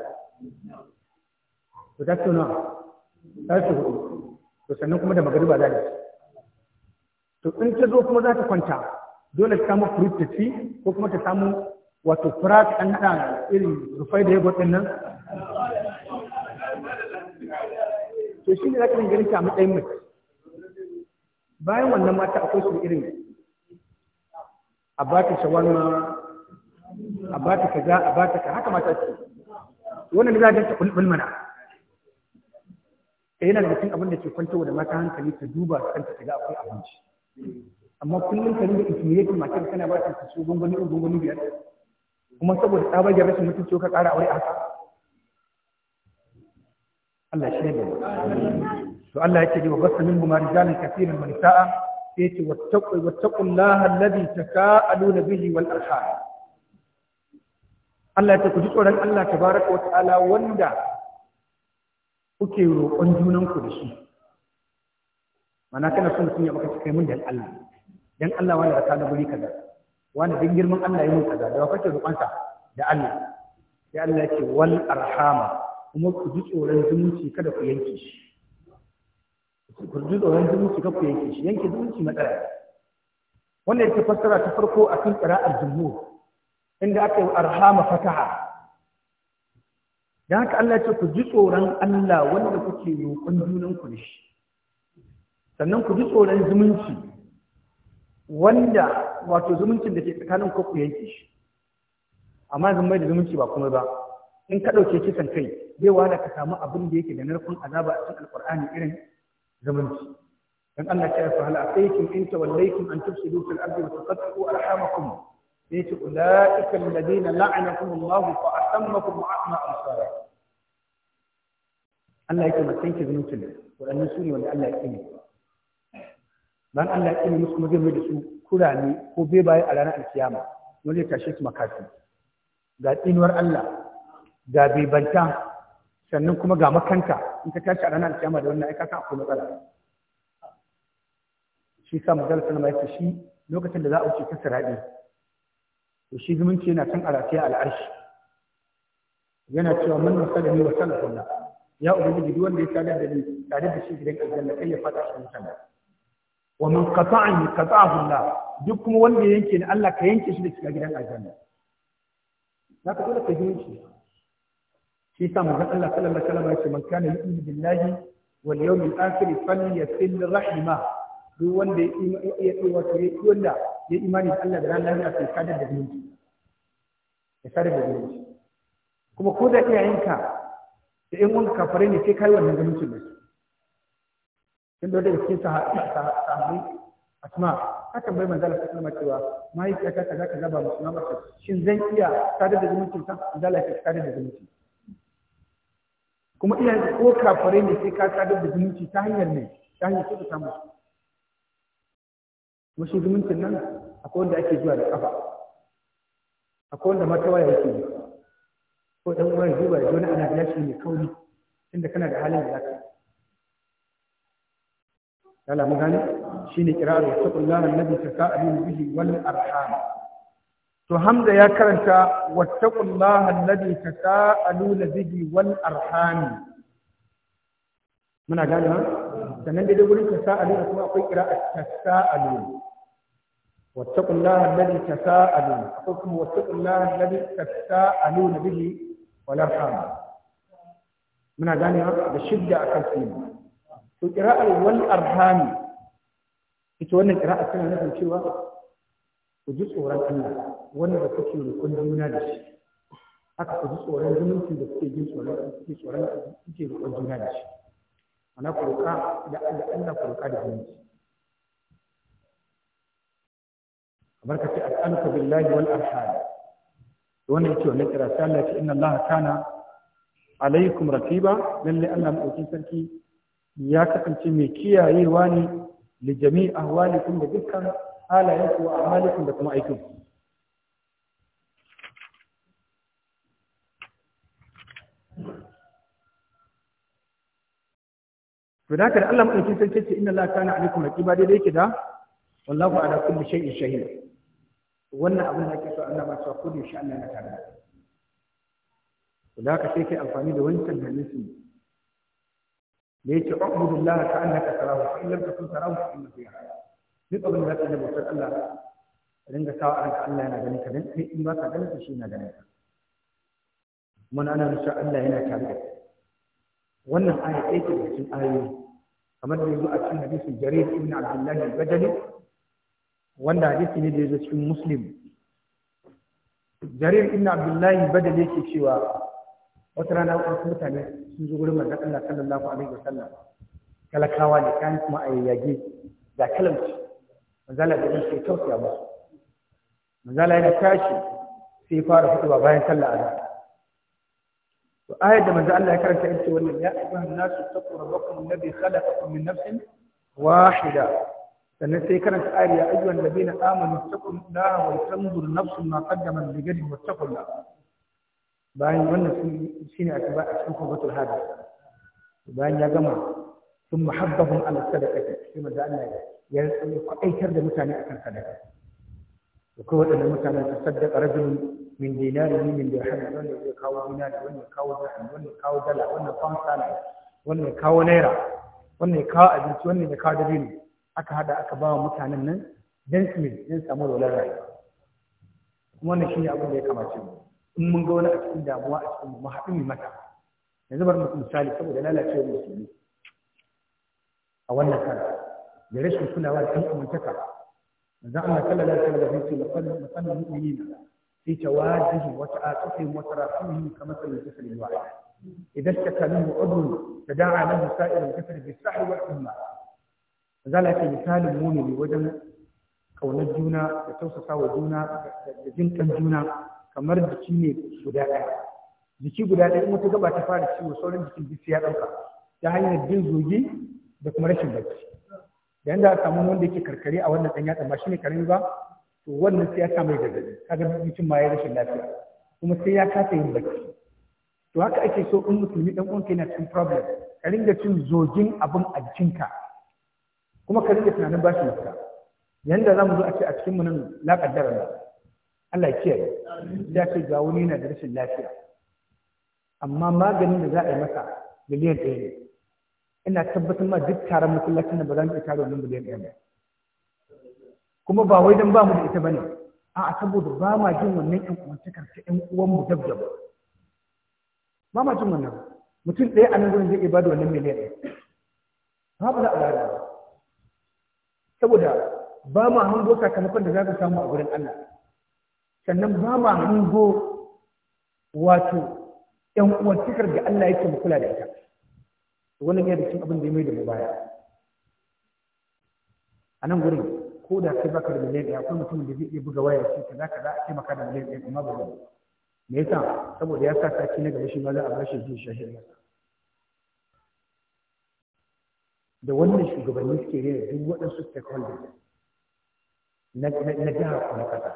to ta tuna za su hudu to sannan kuma da magariba za ta to in ta zo kuma za ta kwanta dole ta samu fruit ta ci ko kuma ta samu wato frat an da irin rufai da ya din nan to shi ne za ka yi ganin ta a matsayin mace bayan wannan mata akwai su irin a ba ta shawarma a ba ta kaza a ba ta ka haka mata ce wannan ne za ta kulbul mana da eh, yana da cikin abin da ke kwantarwa da mata hankali ta duba da kanta ta ga akwai abinci amma kullum ka rinka intimidating matar kana ba ta kaso gungumi ko gungumi biyar kuma saboda tsabagen rashin mutunci ka ƙara aure a haka Allah shi ne to Allah yake wa basta min buma rijalan kaseeran wa nisaa yace wattaqu wattaqullaha alladhi takaaluna bihi wal arham Allah ya ce ku ji tsoron Allah ta baraka wa ta'ala wanda kuke roƙon junanku da shi mana kana son sun yi baka kai mun da Allah dan Allah wani da kana guri kaza wani dan girman Allah yi mun kaza da kake roƙon sa da Allah sai Allah ce wal arhama kuma ku ji tsoron zumunci kada ku yanke shi ku ji tsoron zumunci kada ku yanke shi yanke zumunci matsala wannan yake fassara ta farko akan qira'ar jumhur inda aka yi arhama fataha da haka Allah ce ku ji tsoron Allah wanda kuke roƙon junan ku shi sannan ku ji tsoron zumunci wanda wato zumuncin da ke tsakanin ku ku yanke shi amma zan bai da zumunci ba kuma ba in ka ɗauke kisan kai zai wahala ka samu abin da yake da narkon azaba a cikin alƙur'ani irin zumunci dan Allah ta yi fahala a wallahi kin an tufsidu fil ardi wa tuqattu arhamakum sai ce ula'ika alladina la'anakum Allah fa asammakum wa a'ma absara Allah yake matsayin ki zunubi wadannan su ne wanda Allah ya kini dan Allah ya kini musu kuma zai da su kurame ko bebaye a ranar alkiyama wani ya tashe su makafi ga tsinuwar Allah ga bebanta sannan kuma ga makanta in ka tashi a ranar alkiyama da wannan aikata akwai matsala shi sa magana sallama ya ce shi lokacin da za a wuce ta siraɗi to shi zumunci yana kan aratiya al'arshi yana cewa man masalami wa salafullah ya ubangiji duk wanda ya sadar da ni tare da shi gidan aljanna kai ya fada shi mutane wa man qata'ani qata'ahu Allah duk kuma wanda ya yanke ni Allah ka yanke shi da shiga gidan aljanna zaka dole ka zumunci shi sa manzon Allah sallallahu alaihi wasallam ya ce man kana yu'minu billahi wal yawmil akhir falyasil rahimah duk wanda ya wato ya wanda ya imani da Allah da ranar sai sadar da zumunci ya sadar da zumunci kuma ko da iyayenka da ƴan kafare ne sai kai wannan zumuncin da su tunda da cikin sahabbai asma ta tambayi manzo Allah sallallahu alaihi wasallam cewa mahaifiyata kaza ba shin zan iya sadar da zumuncin ta manzo Allah sadar da zumunci kuma iyayen ko kafare ne sai ka sadar da zumunci ta hanyar ne ta hanyar ta musu kuma shi nan akwai wanda ake zuwa da kafa akwai wanda mata waya yake yi ko dan uwa zuba ya wani ana biya shi ne kauri inda kana da halin da zaka yala mun gane shine kiraru wa taqullaha alladhi tasaalu bihi wani arham to hamza ya karanta wa taqullaha alladhi tasaalu bihi wal arham muna gane ha sannan dai gurin aluna kuma akwai kira a qira'at aluna. واتقوا الله الذي تساءلون أقولكم واتقوا الله الذي تساءلون به والأرحام من أغاني بشدة أكثر to ƙira'ar wal arhami ita wannan ƙira'a tana nufin cewa ku ji tsoron Allah da kuke rukun juna da shi haka ku ji tsoron zumuncin da kuke jin tsoron kuke tsoron kuke rukun juna da shi ana ku da Allah da zumunci kamar ka ce as'aluka billahi wal arham wannan yake wannan kira sai Allah ya inna Allah kana alaikum raqiba lalle Allah madaukin sarki ya kasance mai kiyayewa ne li jami'i ahwalikum da dukkan halayenku wa amalikum da kuma aikinku to da haka da Allah madaukakin sarki ce inna la kana alaikum raqiba dai yake da wallahu ala kulli shay'in shahid wannan abin da ake so Allah ba cewa ko da shi Allah na tare da haka sai kai amfani da wancan hadisi da yake ubudu Allah ka annaka tarahu fa illam takun tarahu fa innahu yaraka duk abin da zaka yi bautar Allah ringa sawa ranka Allah yana ganin ka dan kai in ba ka ganin shi yana ganin ka mun ana nusha Allah yana tare da wannan aya ɗaya ce cikin ayoyi kamar da yanzu a cikin hadisin jarir ibn abdullahi al-bajali wanda hadisi ne da ya zo cikin muslim jarir ibn abdullahi badal yake cewa wata rana wasu mutane sun zo gurin manzon Allah sallallahu alaihi wasallam talakawa ne kan kuma ayyage da kalamci manzon Allah da yake tausaya musu manzon Allah ya tashi sai fara fitowa bayan sallah azhar to ayat da manzon Allah ya karanta ita wannan ya ayyuhan nasu taqu rabbakum alladhi khalaqakum min nafsin wahida sannan sai karanta ayar ya ayyuhan ladina amanu taqullaha wa tanzur nafsun ma qaddamat li wa wattaqullah bayan wannan shine atiba a cikin kubatul hadi bayan ya gama sun mahabbahum ala sadaqati sai manzo Allah ya ya kwaitar da mutane akan sadaka to kai wadannan mutanen su sadaka rajulun min dinari min dirham wannan ya kawo dinari wannan ya kawo dirham wannan ya kawo dala wannan pound wannan ya kawo naira wannan ya kawo abinci wannan ya kawo dabino aka hada aka ba wa mutanen nan don su mai don samu rolar rayuwa kuma shi ne abin da ya kamace mu in mun ga wani a cikin damuwa a cikin mu haɗu mu mata yanzu bari muku misali saboda lalacewar musulmi a wannan kara da rashin kulawa da kan amintaka yanzu Allah sallallahu alaihi wasallam ya ce laqad laqad mu'minina في تواجه وتعاطفهم وتراحمهم كمثل الجسر الواحد إذا اشتكى منه عضو تداعى له سائر الجسر بالسحر والحمى zala ce misalin mumini wajen kaunar juna da tausasa wa juna da jin kan juna kamar jiki ne guda ɗaya jiki guda ɗaya in wata gaba ta fara ciwo sauran jikin jiki ya ɗauka ta hanyar jin zogi da kuma rashin bacci da yanda samu wanda yake karkare a wannan ɗan yatsa ba shi ne karami ba to wannan sai ya sa mai gargaɗi kaga jikin ma ya rashin lafiya kuma sai ya kasa yin bacci to haka ake so in musulmi ɗan uwanka yana cikin problem ka ringa cin zogin abin a jikinka kuma ka rike tunanin bashi mafita yanda za mu zo a ce a cikin mu nan la kaddara Allah ya kiyaye ya ce ga wani yana da rashin lafiya amma maganin da za a yi masa miliyan ɗaya ne ina tabbatar ma duk taron masallacin da ba za mu iya tara wannan miliyan ɗaya ba kuma ba wai dan ba mu da ita bane a'a saboda ba ma jin wannan ƴan uwantakar ta ƴan uwan mu dab dab ba ma jin wannan mutum ɗaya a nan gurin zai iya ba da wannan miliyan ɗaya ba za a lalata saboda ba ma hango sakamakon da za ka samu a gurin Allah sannan ba ma hango wato ‘yan uwantakar da Allah yake mu kula da ita wannan yana abin da ya mai da mu baya a nan gurin ko da kai baka da miliyan ɗaya akwai mutumin da zai iya buga waya ce kaza kaza a ce maka da miliyan ɗaya amma ba me yasa saboda ya sa saki na gaba shi ma za a bashi shi shahi masa da wannan shugabanni suke rera duk waɗansu stakeholders na jiha kuma ƙasa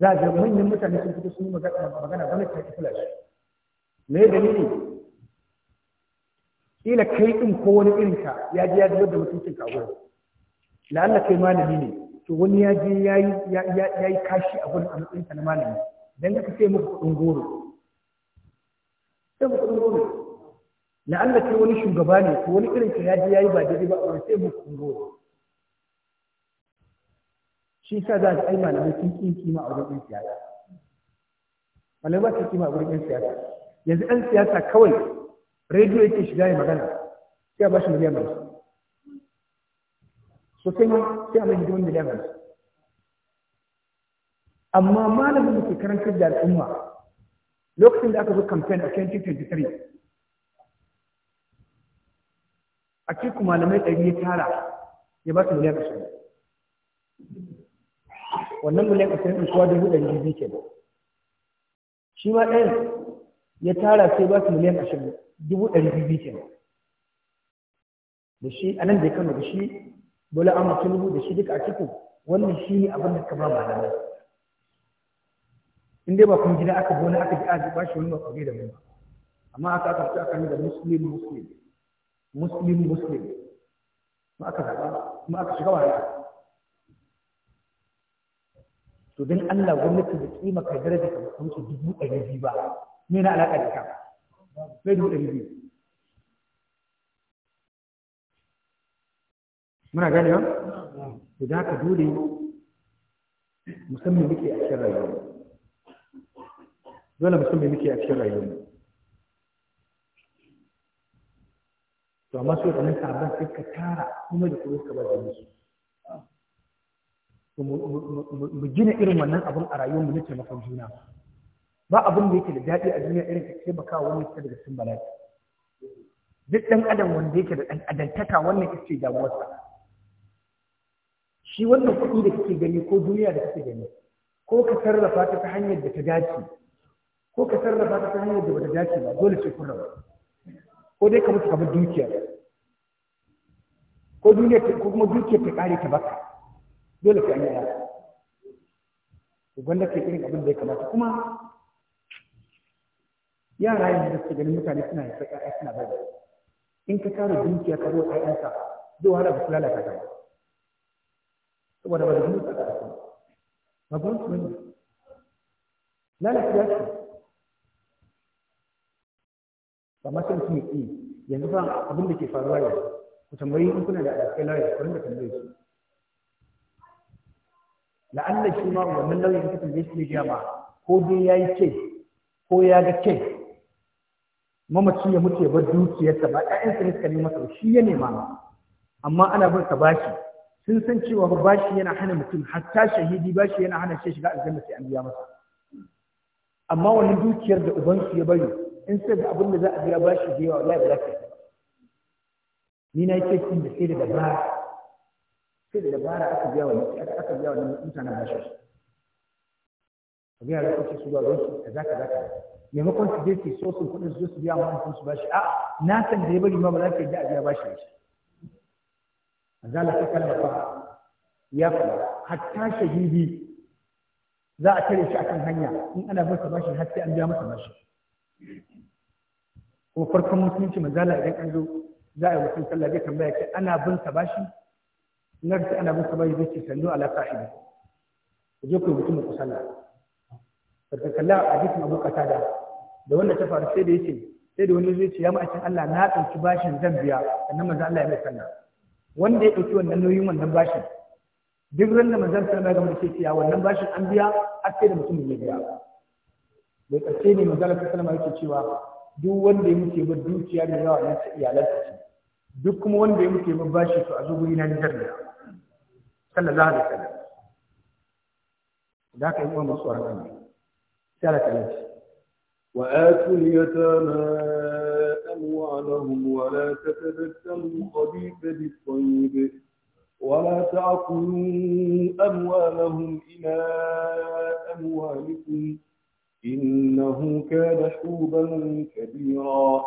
za a ga manyan mutane sun fito sun yi magana ba ta kula shi me dalili kila kai din ko wani irin ka ya ji ya zubar da mutuncin ka gurin la'alla kai malami ne to wani ya ji ya yi kashi a gurin a matsayin ka na malami dan ka sai muku kuɗin goro sai mu kuɗin goro la'alla kai wani shugaba ne ko wani irin ka yaji yayi ba daidai ba amma sai mu kungo shi sa za ai malamai sun kin kima a wurin siyasa malamai ba su kima a wurin siyasa yanzu ɗan siyasa kawai rediyo yake shiga ya magana sai a ba shi miliyan hamsin so sai sai a mai hidimin miliyan hamsin amma malamin da ke karantar da al'umma lokacin da aka zo kamfen a 2023 a cikin malamai ɗari ya tara ya ba su miliyan ashirin wannan miliyan ashirin ɗin kuwa dubu ɗari biyu ke shi ma ɗayan ya tara sai ba su miliyan ashirin dubu ɗari biyu ke da shi a nan da ya kama da shi bola amma tinubu da shi duka a cikin wannan shi ne abin da ka ba malamai in dai ba kun gida aka gona aka ji aji ba shi wani ba ku da mu amma aka aka fita aka da musulmi musulmi muslim muslim ma aka zaɓa ma aka shiga wahala to don Allah gwamnati da kima kai daraja ka wuce dubu ɗari biyu ba me na alaƙa da ka sai dubu ɗari biyu muna gane ba to da ka dole musamman muke a cikin rayuwa dole musamman muke a cikin rayuwa to amma su kanin sabon sai ka tara kuma da kuma suka bada musu mu gina irin wannan abun a rayuwar mu na taimakon juna ba abun da yake da daɗi a duniya irin ka taimaka wa wani daga cikin bala'i duk ɗan adam wanda yake da ɗan adantaka wannan ita ce damuwarsa shi wannan kuɗi da kake gani ko duniya da kake gani ko ka sarrafa ta ta hanyar da ta dace ko ka sarrafa ta ta hanyar da ta dace ba dole ce kun rabu ko dai ka mutu ka bi dukiyar ko duniya ko kuma dukiyar ta kare ta baka dole ka an yi haka gwanda ke irin abin da ya kamata kuma yara yanzu da suke ganin mutane suna yi ƴaƴa suna bai in ka kare dukiya ka zo ƴaƴanka zai wahala ba su lalata ka saboda ba da dukiya ba ba ba gwamnati ba lalata ya ce amma sun su yi yanzu fa abin da ke faruwa ya ku tambayi in kuna da alaƙai lauya ku rinka tambaye su la'alla shi ma wannan lauyan ka tambaye shi ne ma ko dai ya yi ke ko ya ga ke mamaci ya mutu ya bar dukiyarsa ba sa ne suka nema sau shi ya nema amma ana bin sa bashi sun san cewa bashi yana hana mutum hatta shahidi bashi yana hana shi shiga aljanna sai an biya masa amma wani dukiyar da ubansu ya bari in suka ga abin da za a biya bashi da yawa wallahi ba za ka ni na yake cin da sai da dabara sai da dabara aka biya wa aka biya wa mutanen bashi abin da kuke su ba ruwan su kaza kaza kaza maimakon su je su so su kuɗin su su biya ma mutum su bashi a na san da ya bari ma ba za ka yi a biya bashi da shi azala ta kallafa ya fara hatta shahidi za a tare shi akan hanya in ana masa bashi har sai an biya masa bashi ko farkon musulunci manzala idan an zo za a yi mutum sallah zai tambaya ce ana bin ka bashi na ce ana bin ka bashi zai ce sannu ala sahibi ku je ku yi mutum ku sallah sarka kalla a jikin abu da da wanda ta faru sai da yake sai da wani zai ce ya ma'aikin Allah na ɗauki bashin zan biya sannan maza Allah ya mai sallah wanda ya ɗauki wannan nauyin wannan bashin duk ran da manzon sallallahu alaihi wasallam ya ga ya wannan bashin an biya har sai da mutum ya biya da ƙarshe ne manzala ta sallama yake cewa duk wanda ya muke ba dukiya da yawa na iyalansa ce duk kuma wanda ya muke ba bashi to a zo guri na nijar da sallallahu alaihi wasallam da ka yi wa masu wani ne sai Allah ta yi wa atul yatama amwalahum wa la tatadakkamu khabitha bit-tayyib ولا تعقلوا أموالهم إلى أموالكم إنه كان حوبا كبيرا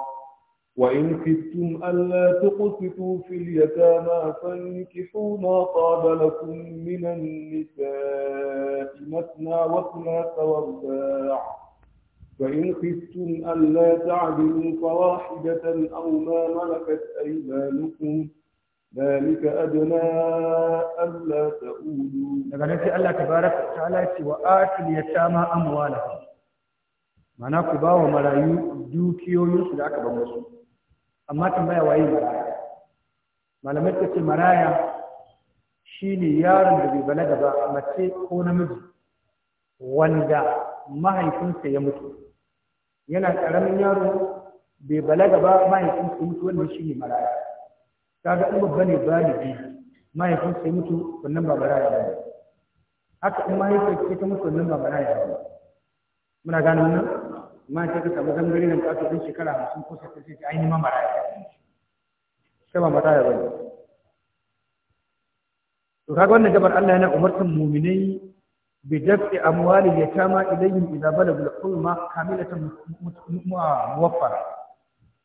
وإن خفتم ألا تقسطوا في اليتامى فانكحوا ما طاب لكم من النساء مثنى وثلاث ورباع فإن خفتم ألا تعدلوا فواحدة أو ما ملكت أيمانكم ذلك أدنى ألا تؤولوا. لقد الله تبارك وتعالى وآتي اليتامى أموالهم. mana ku ba wa marayu dukiyoyinsu da aka ban musu amma tambaya waye maraya malamai ta ce maraya shine yaron da bai balaga ba mace ko namiji wanda mahaifinsa ya mutu yana karamin yaro bai balaga ba mahaifinsa ya mutu wannan shine maraya kaga in babba ne baligi mahaifinsa ya mutu wannan ba maraya ba haka in mahaifinsa ya mutu wannan ba maraya ba muna gane wannan ma ce ka samu zangare nan kasu ɗin shekara hamsin ko sai sai ainihin ni ma maraya sai ba maraya ya ne to kaga wannan gabar Allah yana umartan mu'minai bi daf'i amwali yatama ilayhim idza balagu al-hulma kamilatan ah, muwaffara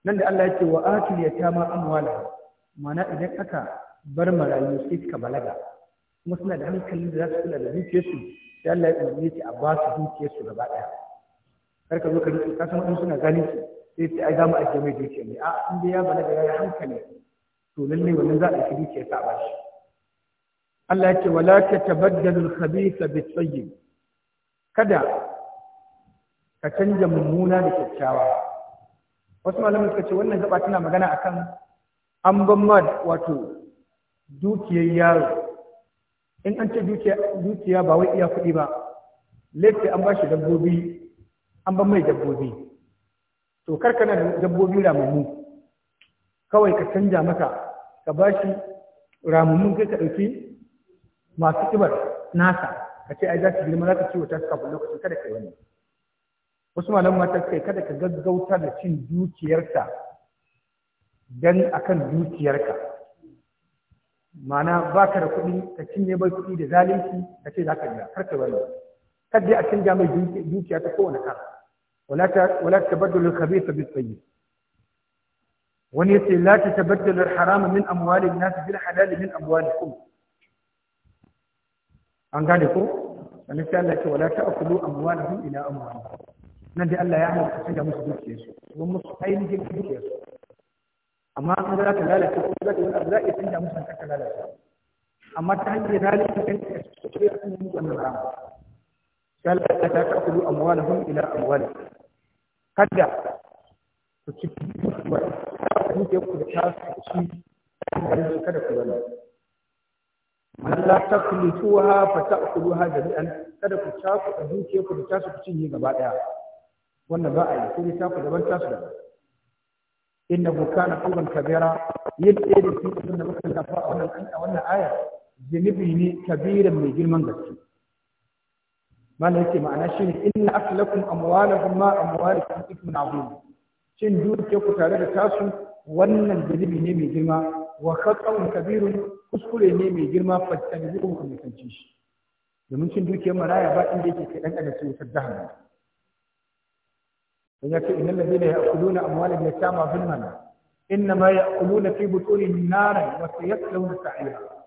nan da Allah yake wa atil yatama amwala mana idan aka bar marayu sai suka balaga kuma suna da hankalin da za su kula da zuciyarsu sai Allah ya umarni ce a ba su dukiyarsu gaba ɗaya kar ka zo ka rike ka san in suna gani su sai ce ai za mu ajiye mai dukiya ne a in dai ya balaga ya yi hankali to lalle wannan za a ɗauki dukiya ta ba shi Allah ya ce wala ta tabaddalul khabitha bit tayyib kada ka canja mummuna da kyakkyawa wasu malamai suka ce wannan gaba tana magana akan an ban ma wato dukiyar yaro in an ce dukiya ba wai iya kuɗi ba laifin an ba shi dabbobi an ban mai dabbobi to karkana dabbobi ramammu kawai ka canja maka ka bashi ramammun kai ka ɗauki masu ƙibar nasa ka ce ai za su girma za ka ciwo ta su kafin lokacin kada ka yi wani wasu malam mata kai kada ka gaggauta da cin dukiyarka dan akan dukiyarka ma'ana ba ka da kuɗi ka cinye bai kuɗi da zalunci ka ce za ka yi kar ka wannan a canja mai dukiya ta kowane kara ولا ولا تبدل الخبيث بالطيب ونيتي لا تتبدل الحرام من اموال الناس بالحلال من اموالكم ان قال لكم ان الله ولا تاكلوا اموالهم الى اموالهم. نبي الله يعمل في سجن مسجد يسوع ومصحين في مسجد يسوع اما ان قال لكم لا لك تقولوا لكم الابناء يسجن مسجد حتى لا لك اما تعني ذلك ان تشتري من الامر قال لا تاكلوا اموالهم الى اموالكم kada ku ci ba ku ke ku ta su ci da kada ku zama Allah ta kulituha fa ta'kuluha jami'an kada ku ta ku da duke ku da tasu ku cinye gaba daya wannan ba a yi sai ta ku daban tasu daban innahu kana qawlan kabira yin irin sun da muka kafa a wannan aya zinubi ne kabirin mai girman gaske mana yake ma'ana shi ne inna aslakum amwalakum ma amwalakum na abu. Cin duke ku tare da tasu wannan zunubi ne mai girma wa khata'un Kabiru kuskure ne mai girma fattabi'u ku mutunci shi domin cin dukiyar maraya ba inda yake kai dan adam sai wutar jahannam dan yake innal ladina ya'kuluna amwalal yatama ya innama na fi butunihim wata wa sayaslawna sa'ira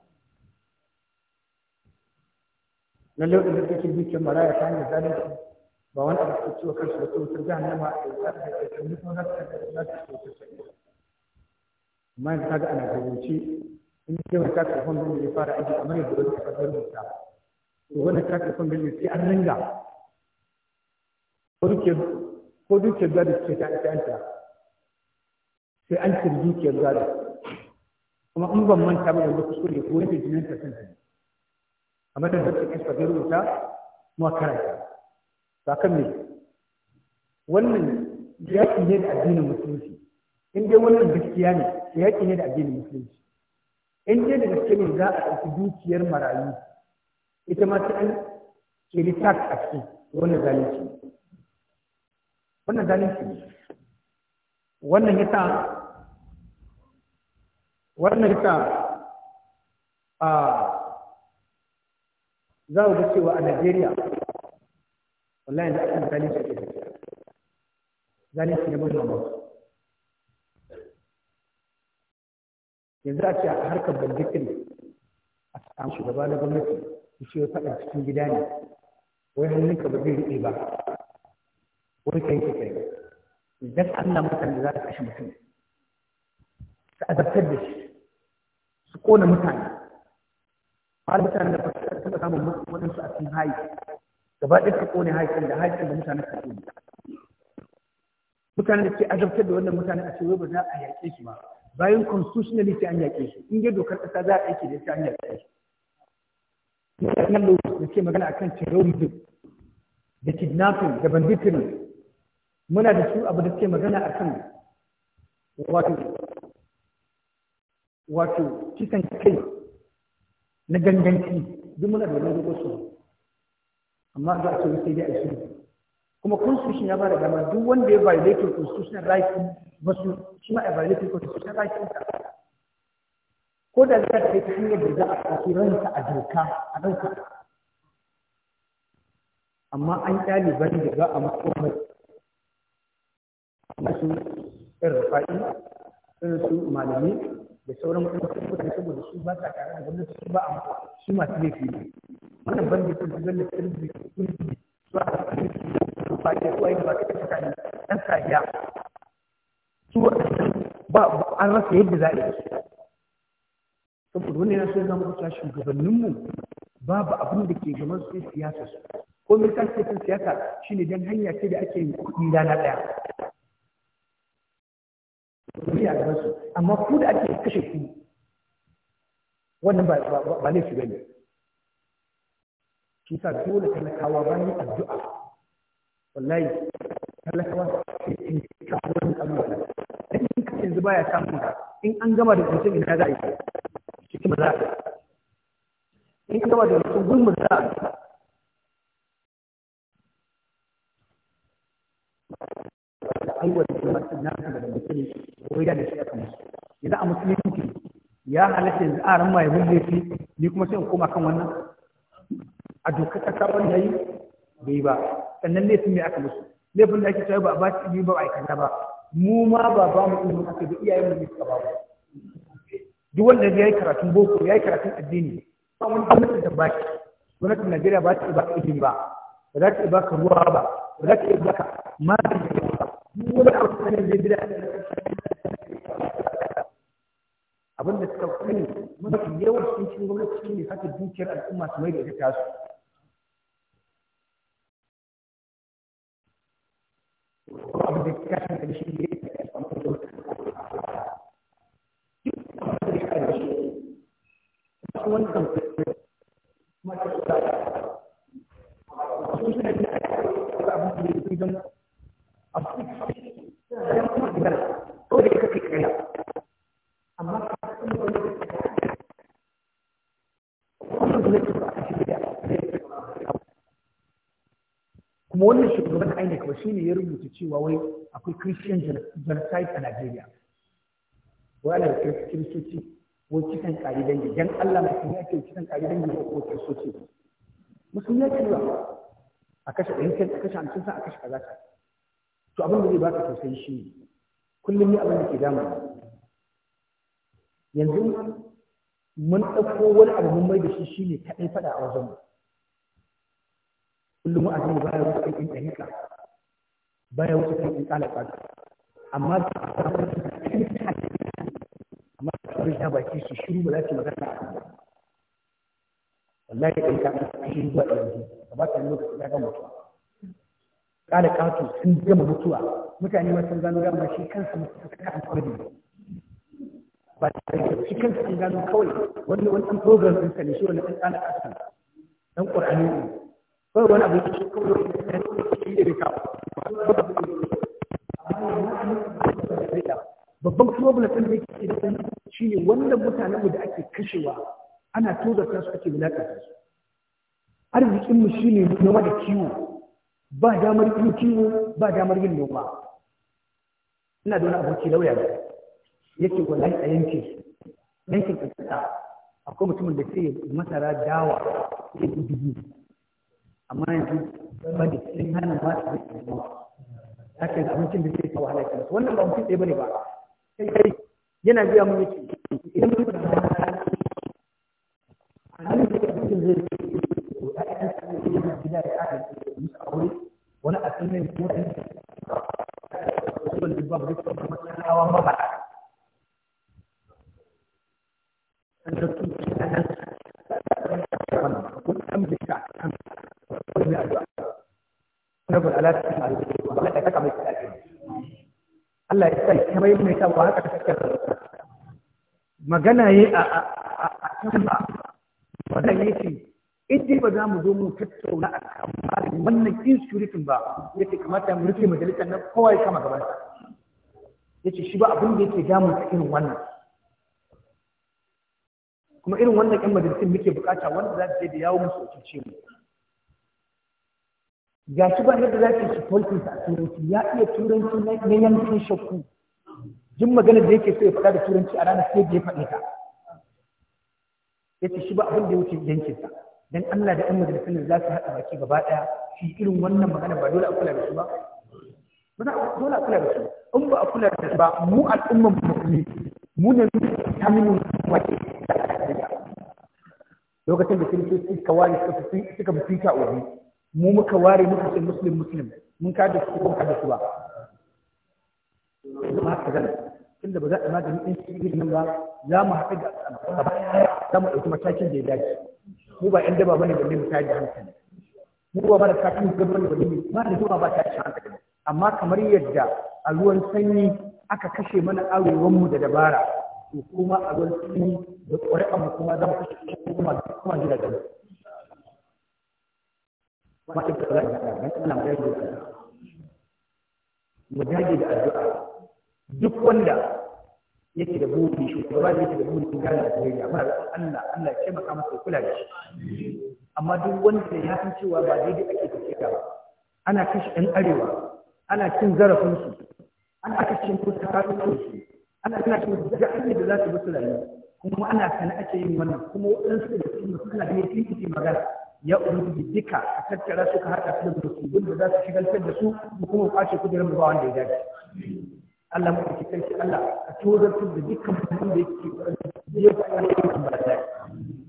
lalle wadanda suke dukiyar maraya ta hanyar zalunci ba wani abu suke ciwo kansu da tsohutar ma a yi tsari da ƙarfi mutum za su za su tsohutar jahannama amma yanzu ga ana gabance in ce wani kafin kwan ya fara aiki kamar yadda wani kafin ta. to wani kafin kwan bilbili sai an ringa ko dukiyar gado ce ta ita yanta sai an cire dukiyar gado kuma in ban manta ba yanzu kuskure ko yake jinin ta sun a matakin cikin sabbin rubuta kuma karanta ba kan ne wannan yaƙi ne da addinin musulunci in dai wannan gaskiya ne yaƙi ne da addinin musulunci in dai da gaske ne za a ɗauki dukiyar marayu ita ma ta ke kiri tax a cikin wannan zalunci wannan zalunci ne wannan ya sa wannan ya sa a ah, za ku ga cewa a Najeriya wallahi da aka misali shi ke tafiya zalunci ne mutum ba yanzu a ce a harkar banditin a samu shugaba na gwamnati su ce faɗa cikin gida ne wai hannunka ba zai riƙe ba wai kai ke kai idan Allah mutane za su kashe mutum su azabtar da shi su kona mutane har mutane da samun waɗansu a cikin hayi gaba ɗaya ka ƙone hayakin da hayakin da mutane ka ƙone Mutane da ke azabtar da wannan mutane a cewa ba za a yaƙe su ba bayan constitutionally sai an yaƙe su in dai dokar ƙasa za a aiki da sai an yaƙe su da ke magana akan terrorism da kidnapping da banditry muna da su abu da ke magana akan wato wato kisan kai na ganganci duk muna da wani dokokin amma za a ce sai dai a shirya kuma constitution ya bada dama duk wanda ya violate constitutional rights wasu shi ma a violate constitutional rights ko da za ta kai hanyar da za a ɗauki ranka a doka a ɗauka amma an ƙyale bari da za a makomai masu irin fa'i irin su malami da sauran mutane saboda su ba sa tare da gwamnati su ba a su masu laifi ne wannan ban da kuma zalla kirji kirji su a kan ba ke su aiki ba ka ta kan dan sahiya su ba an rasa yadda za a yi saboda wannan yana so ya zama kusa shugabanninmu babu abin da ke gaban su siyasa su ko me kan cikin siyasa shine dan hanya ce da ake yin kuɗi rana ɗaya. Duniya gaban su amma ku da ake kashe ku wannan ba ba laifi bane shi sa dole talakawa bayan addu'a wallahi talakawa ke cikin ka wani kalmar in ka yanzu baya samun in an gama da mutum ina za a yi cikin maza. za a in an gama da mutum gulmu za a Da aiwata masu nasa da mutum wai da shi aka su. idan a musulunci ya halatta yanzu aran ma ya bulle ni kuma sai in koma kan wannan a dokar kasa wanda yi bai ba sannan laifin mai aka musu laifin da ake cewa ba a ba ci ba a kaza ba mu ma ba ba mu ilimin aka da iyayen mu suka ba duk wanda ya yi karatun boko ya yi karatun addini ba wani gwamnati da ba shi gwamnatin najeriya ba ta ba ka ilimi ba ba za ta iya baka ruwa ba ba za ta iya ka magani ba duk wani abu da zai gida abin da suka sani mafi yawan cikin gwamnati shi ne sake dukiyar al'umma su mai da ita tasu abu da ya kashin da shi ne shi ne ya rubuta cewa wai akwai christian genocide a nigeria wala da kiristoci wani kisan kari dangi dan allah musulmi ake kisan kari dangi ko kiristoci musulmi ya ba a kashe ɗari a kashe hamsin a kashe kaza to abin da zai baka tausayi shi ne kullum ya abin da ke damu yanzu mun ɗauko wani abu mun mai da shi shine kaɗai faɗa a wajen mu kullum a zai bayar da aikin ɗarika baya wasu kan in kala kwana amma amma su ta baki su shiru ba za su magana a kan wallahi kai ka shiru ba da yanzu ba. ba ta lokaci ya ga mutuwa kala kato sun gama mutuwa mutane ma sun gano dama shi kansa mutum ka kan kudi ba shi kansa sun gano kawai wani wani ɗan program ɗin ne shi wani ɗan kala kato ɗan ƙur'ani ne kawai wani abu da shi kawai da shi da shi babban problem ɗin da yake da sani shi ne wannan mutanenmu da ake kashewa ana tozarta su ake wulaƙanta su arzikinmu shi ne noma da kiwo ba damar yin kiwo ba damar yin noma ina da wani aboki lauya da yake wallahi a yankin yankin ƙasa akwai mutumin da ke masara dawa ke dubu amma yanzu ba da cikin hannun ba da cikin ya kai da abincin da zai kawo halayyar wannan ba mutum ɗaya bane ba kai kai yana biya mun yake idan mun da hannun da mutum zai ko da aka samu yana gida da aka yi aure wani a tsanin ko da ba ba da kuma hawa ba maimaita ba haka take magana yi a can ba ya ce idan ba za mu zo mu tattauna a kamar wannan insuritin ba ya ce kamata mu rufe majalisar nan kowa ya kama gaban ce shi ba abin da yake damun ta irin wannan kuma irin wannan yan majalisar muke bukata wanda za su je da yawo musu ce mu ga shi ba yadda za su yi shi a turanci ya iya turanci na yankin shakku duk maganar da yake so ya faɗa da turanci a ranar sai da ya faɗe ta yace shi ba abin da ya wuce yankin sa dan Allah da ɗan majalisar za su haɗa baki gaba ɗaya shi irin wannan magana ba dole a kula da su ba ba dole a kula da su in ba a kula da su ba mu al'umman musulmi mu ne taminin wace lokacin da kiristoci suka ware suka fi fita obi mu muka ware muka ce muslim muslim mun ka da su ko ka da su ba zama ka tunda ba za a magani ɗin cikin nan ba za mu haɗu da za mu ɗauki matakin da ya dace mu ba ƴan daba bane game mu tayar da hankali mu ba mara kafin gaba da game ba da zuwa ba ta tashi hankali amma kamar yadda a ruwan sanyi aka kashe mana arewan mu da dabara to kuma a ruwan sanyi da ƙwarƙan mu kuma za mu kashe kuma da kuma gida gaba mu dage da addu'a duk wanda yake da buɗe shugaba da yake da buɗe gane da soyayya ba Allah Allah ya taimaka masa kula da shi amma duk wanda ya san cewa ba daidai ake tafiya ba ana kashe ɗan arewa ana cin zarafin su ana kashe ta kafin su ana kana cin da hanyar da za su bi su kuma ana kana ake yin wannan kuma waɗansu da su suna da yake yake magana ya ubangiji duka a tattara su ka haɗa su da musulmin da za su shigaltar da su kuma kwace kujerar ba wanda ya dace Allah mai cikin shi Allah a tozartar da dukkan mutum da yake jefa arewa ba da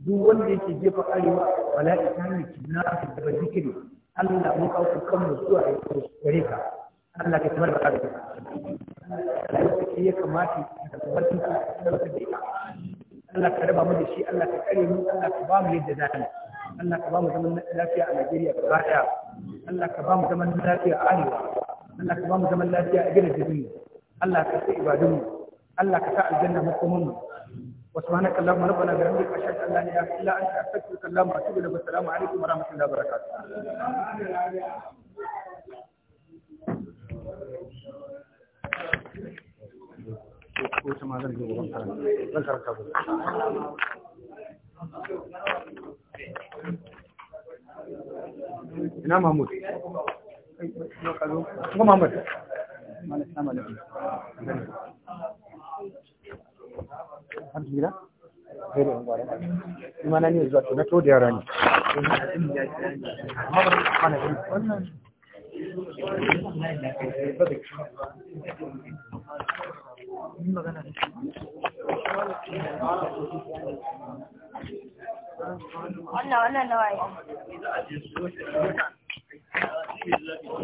duk wanda yake jefa arewa bala'i ta hanyar kidnapping da zikiri Allah mu kawo kanmu zuwa gare ka Allah ka tabar da ka Allah ka ya kamata ka tabar da ka Allah ka raba mu da shi Allah ka kare mu Allah ka ba mu yadda za mu Allah ka ba mu zaman lafiya a Najeriya gaba daya Allah ka ba mu zaman lafiya a Arewa Allah ka ba mu zaman lafiya a gidan duniya Allah ka sa Allah ka sa aljanna makomanmu wa subhanaka allahumma rabbana bi hamdika ashhadu an la ilaha illa anta astaghfiruka wa atubu ilayk assalamu alaikum wa rahmatullahi wa barakatuh ina Mahmud. Kuma Mahmud. mana ne zuwa na to da yara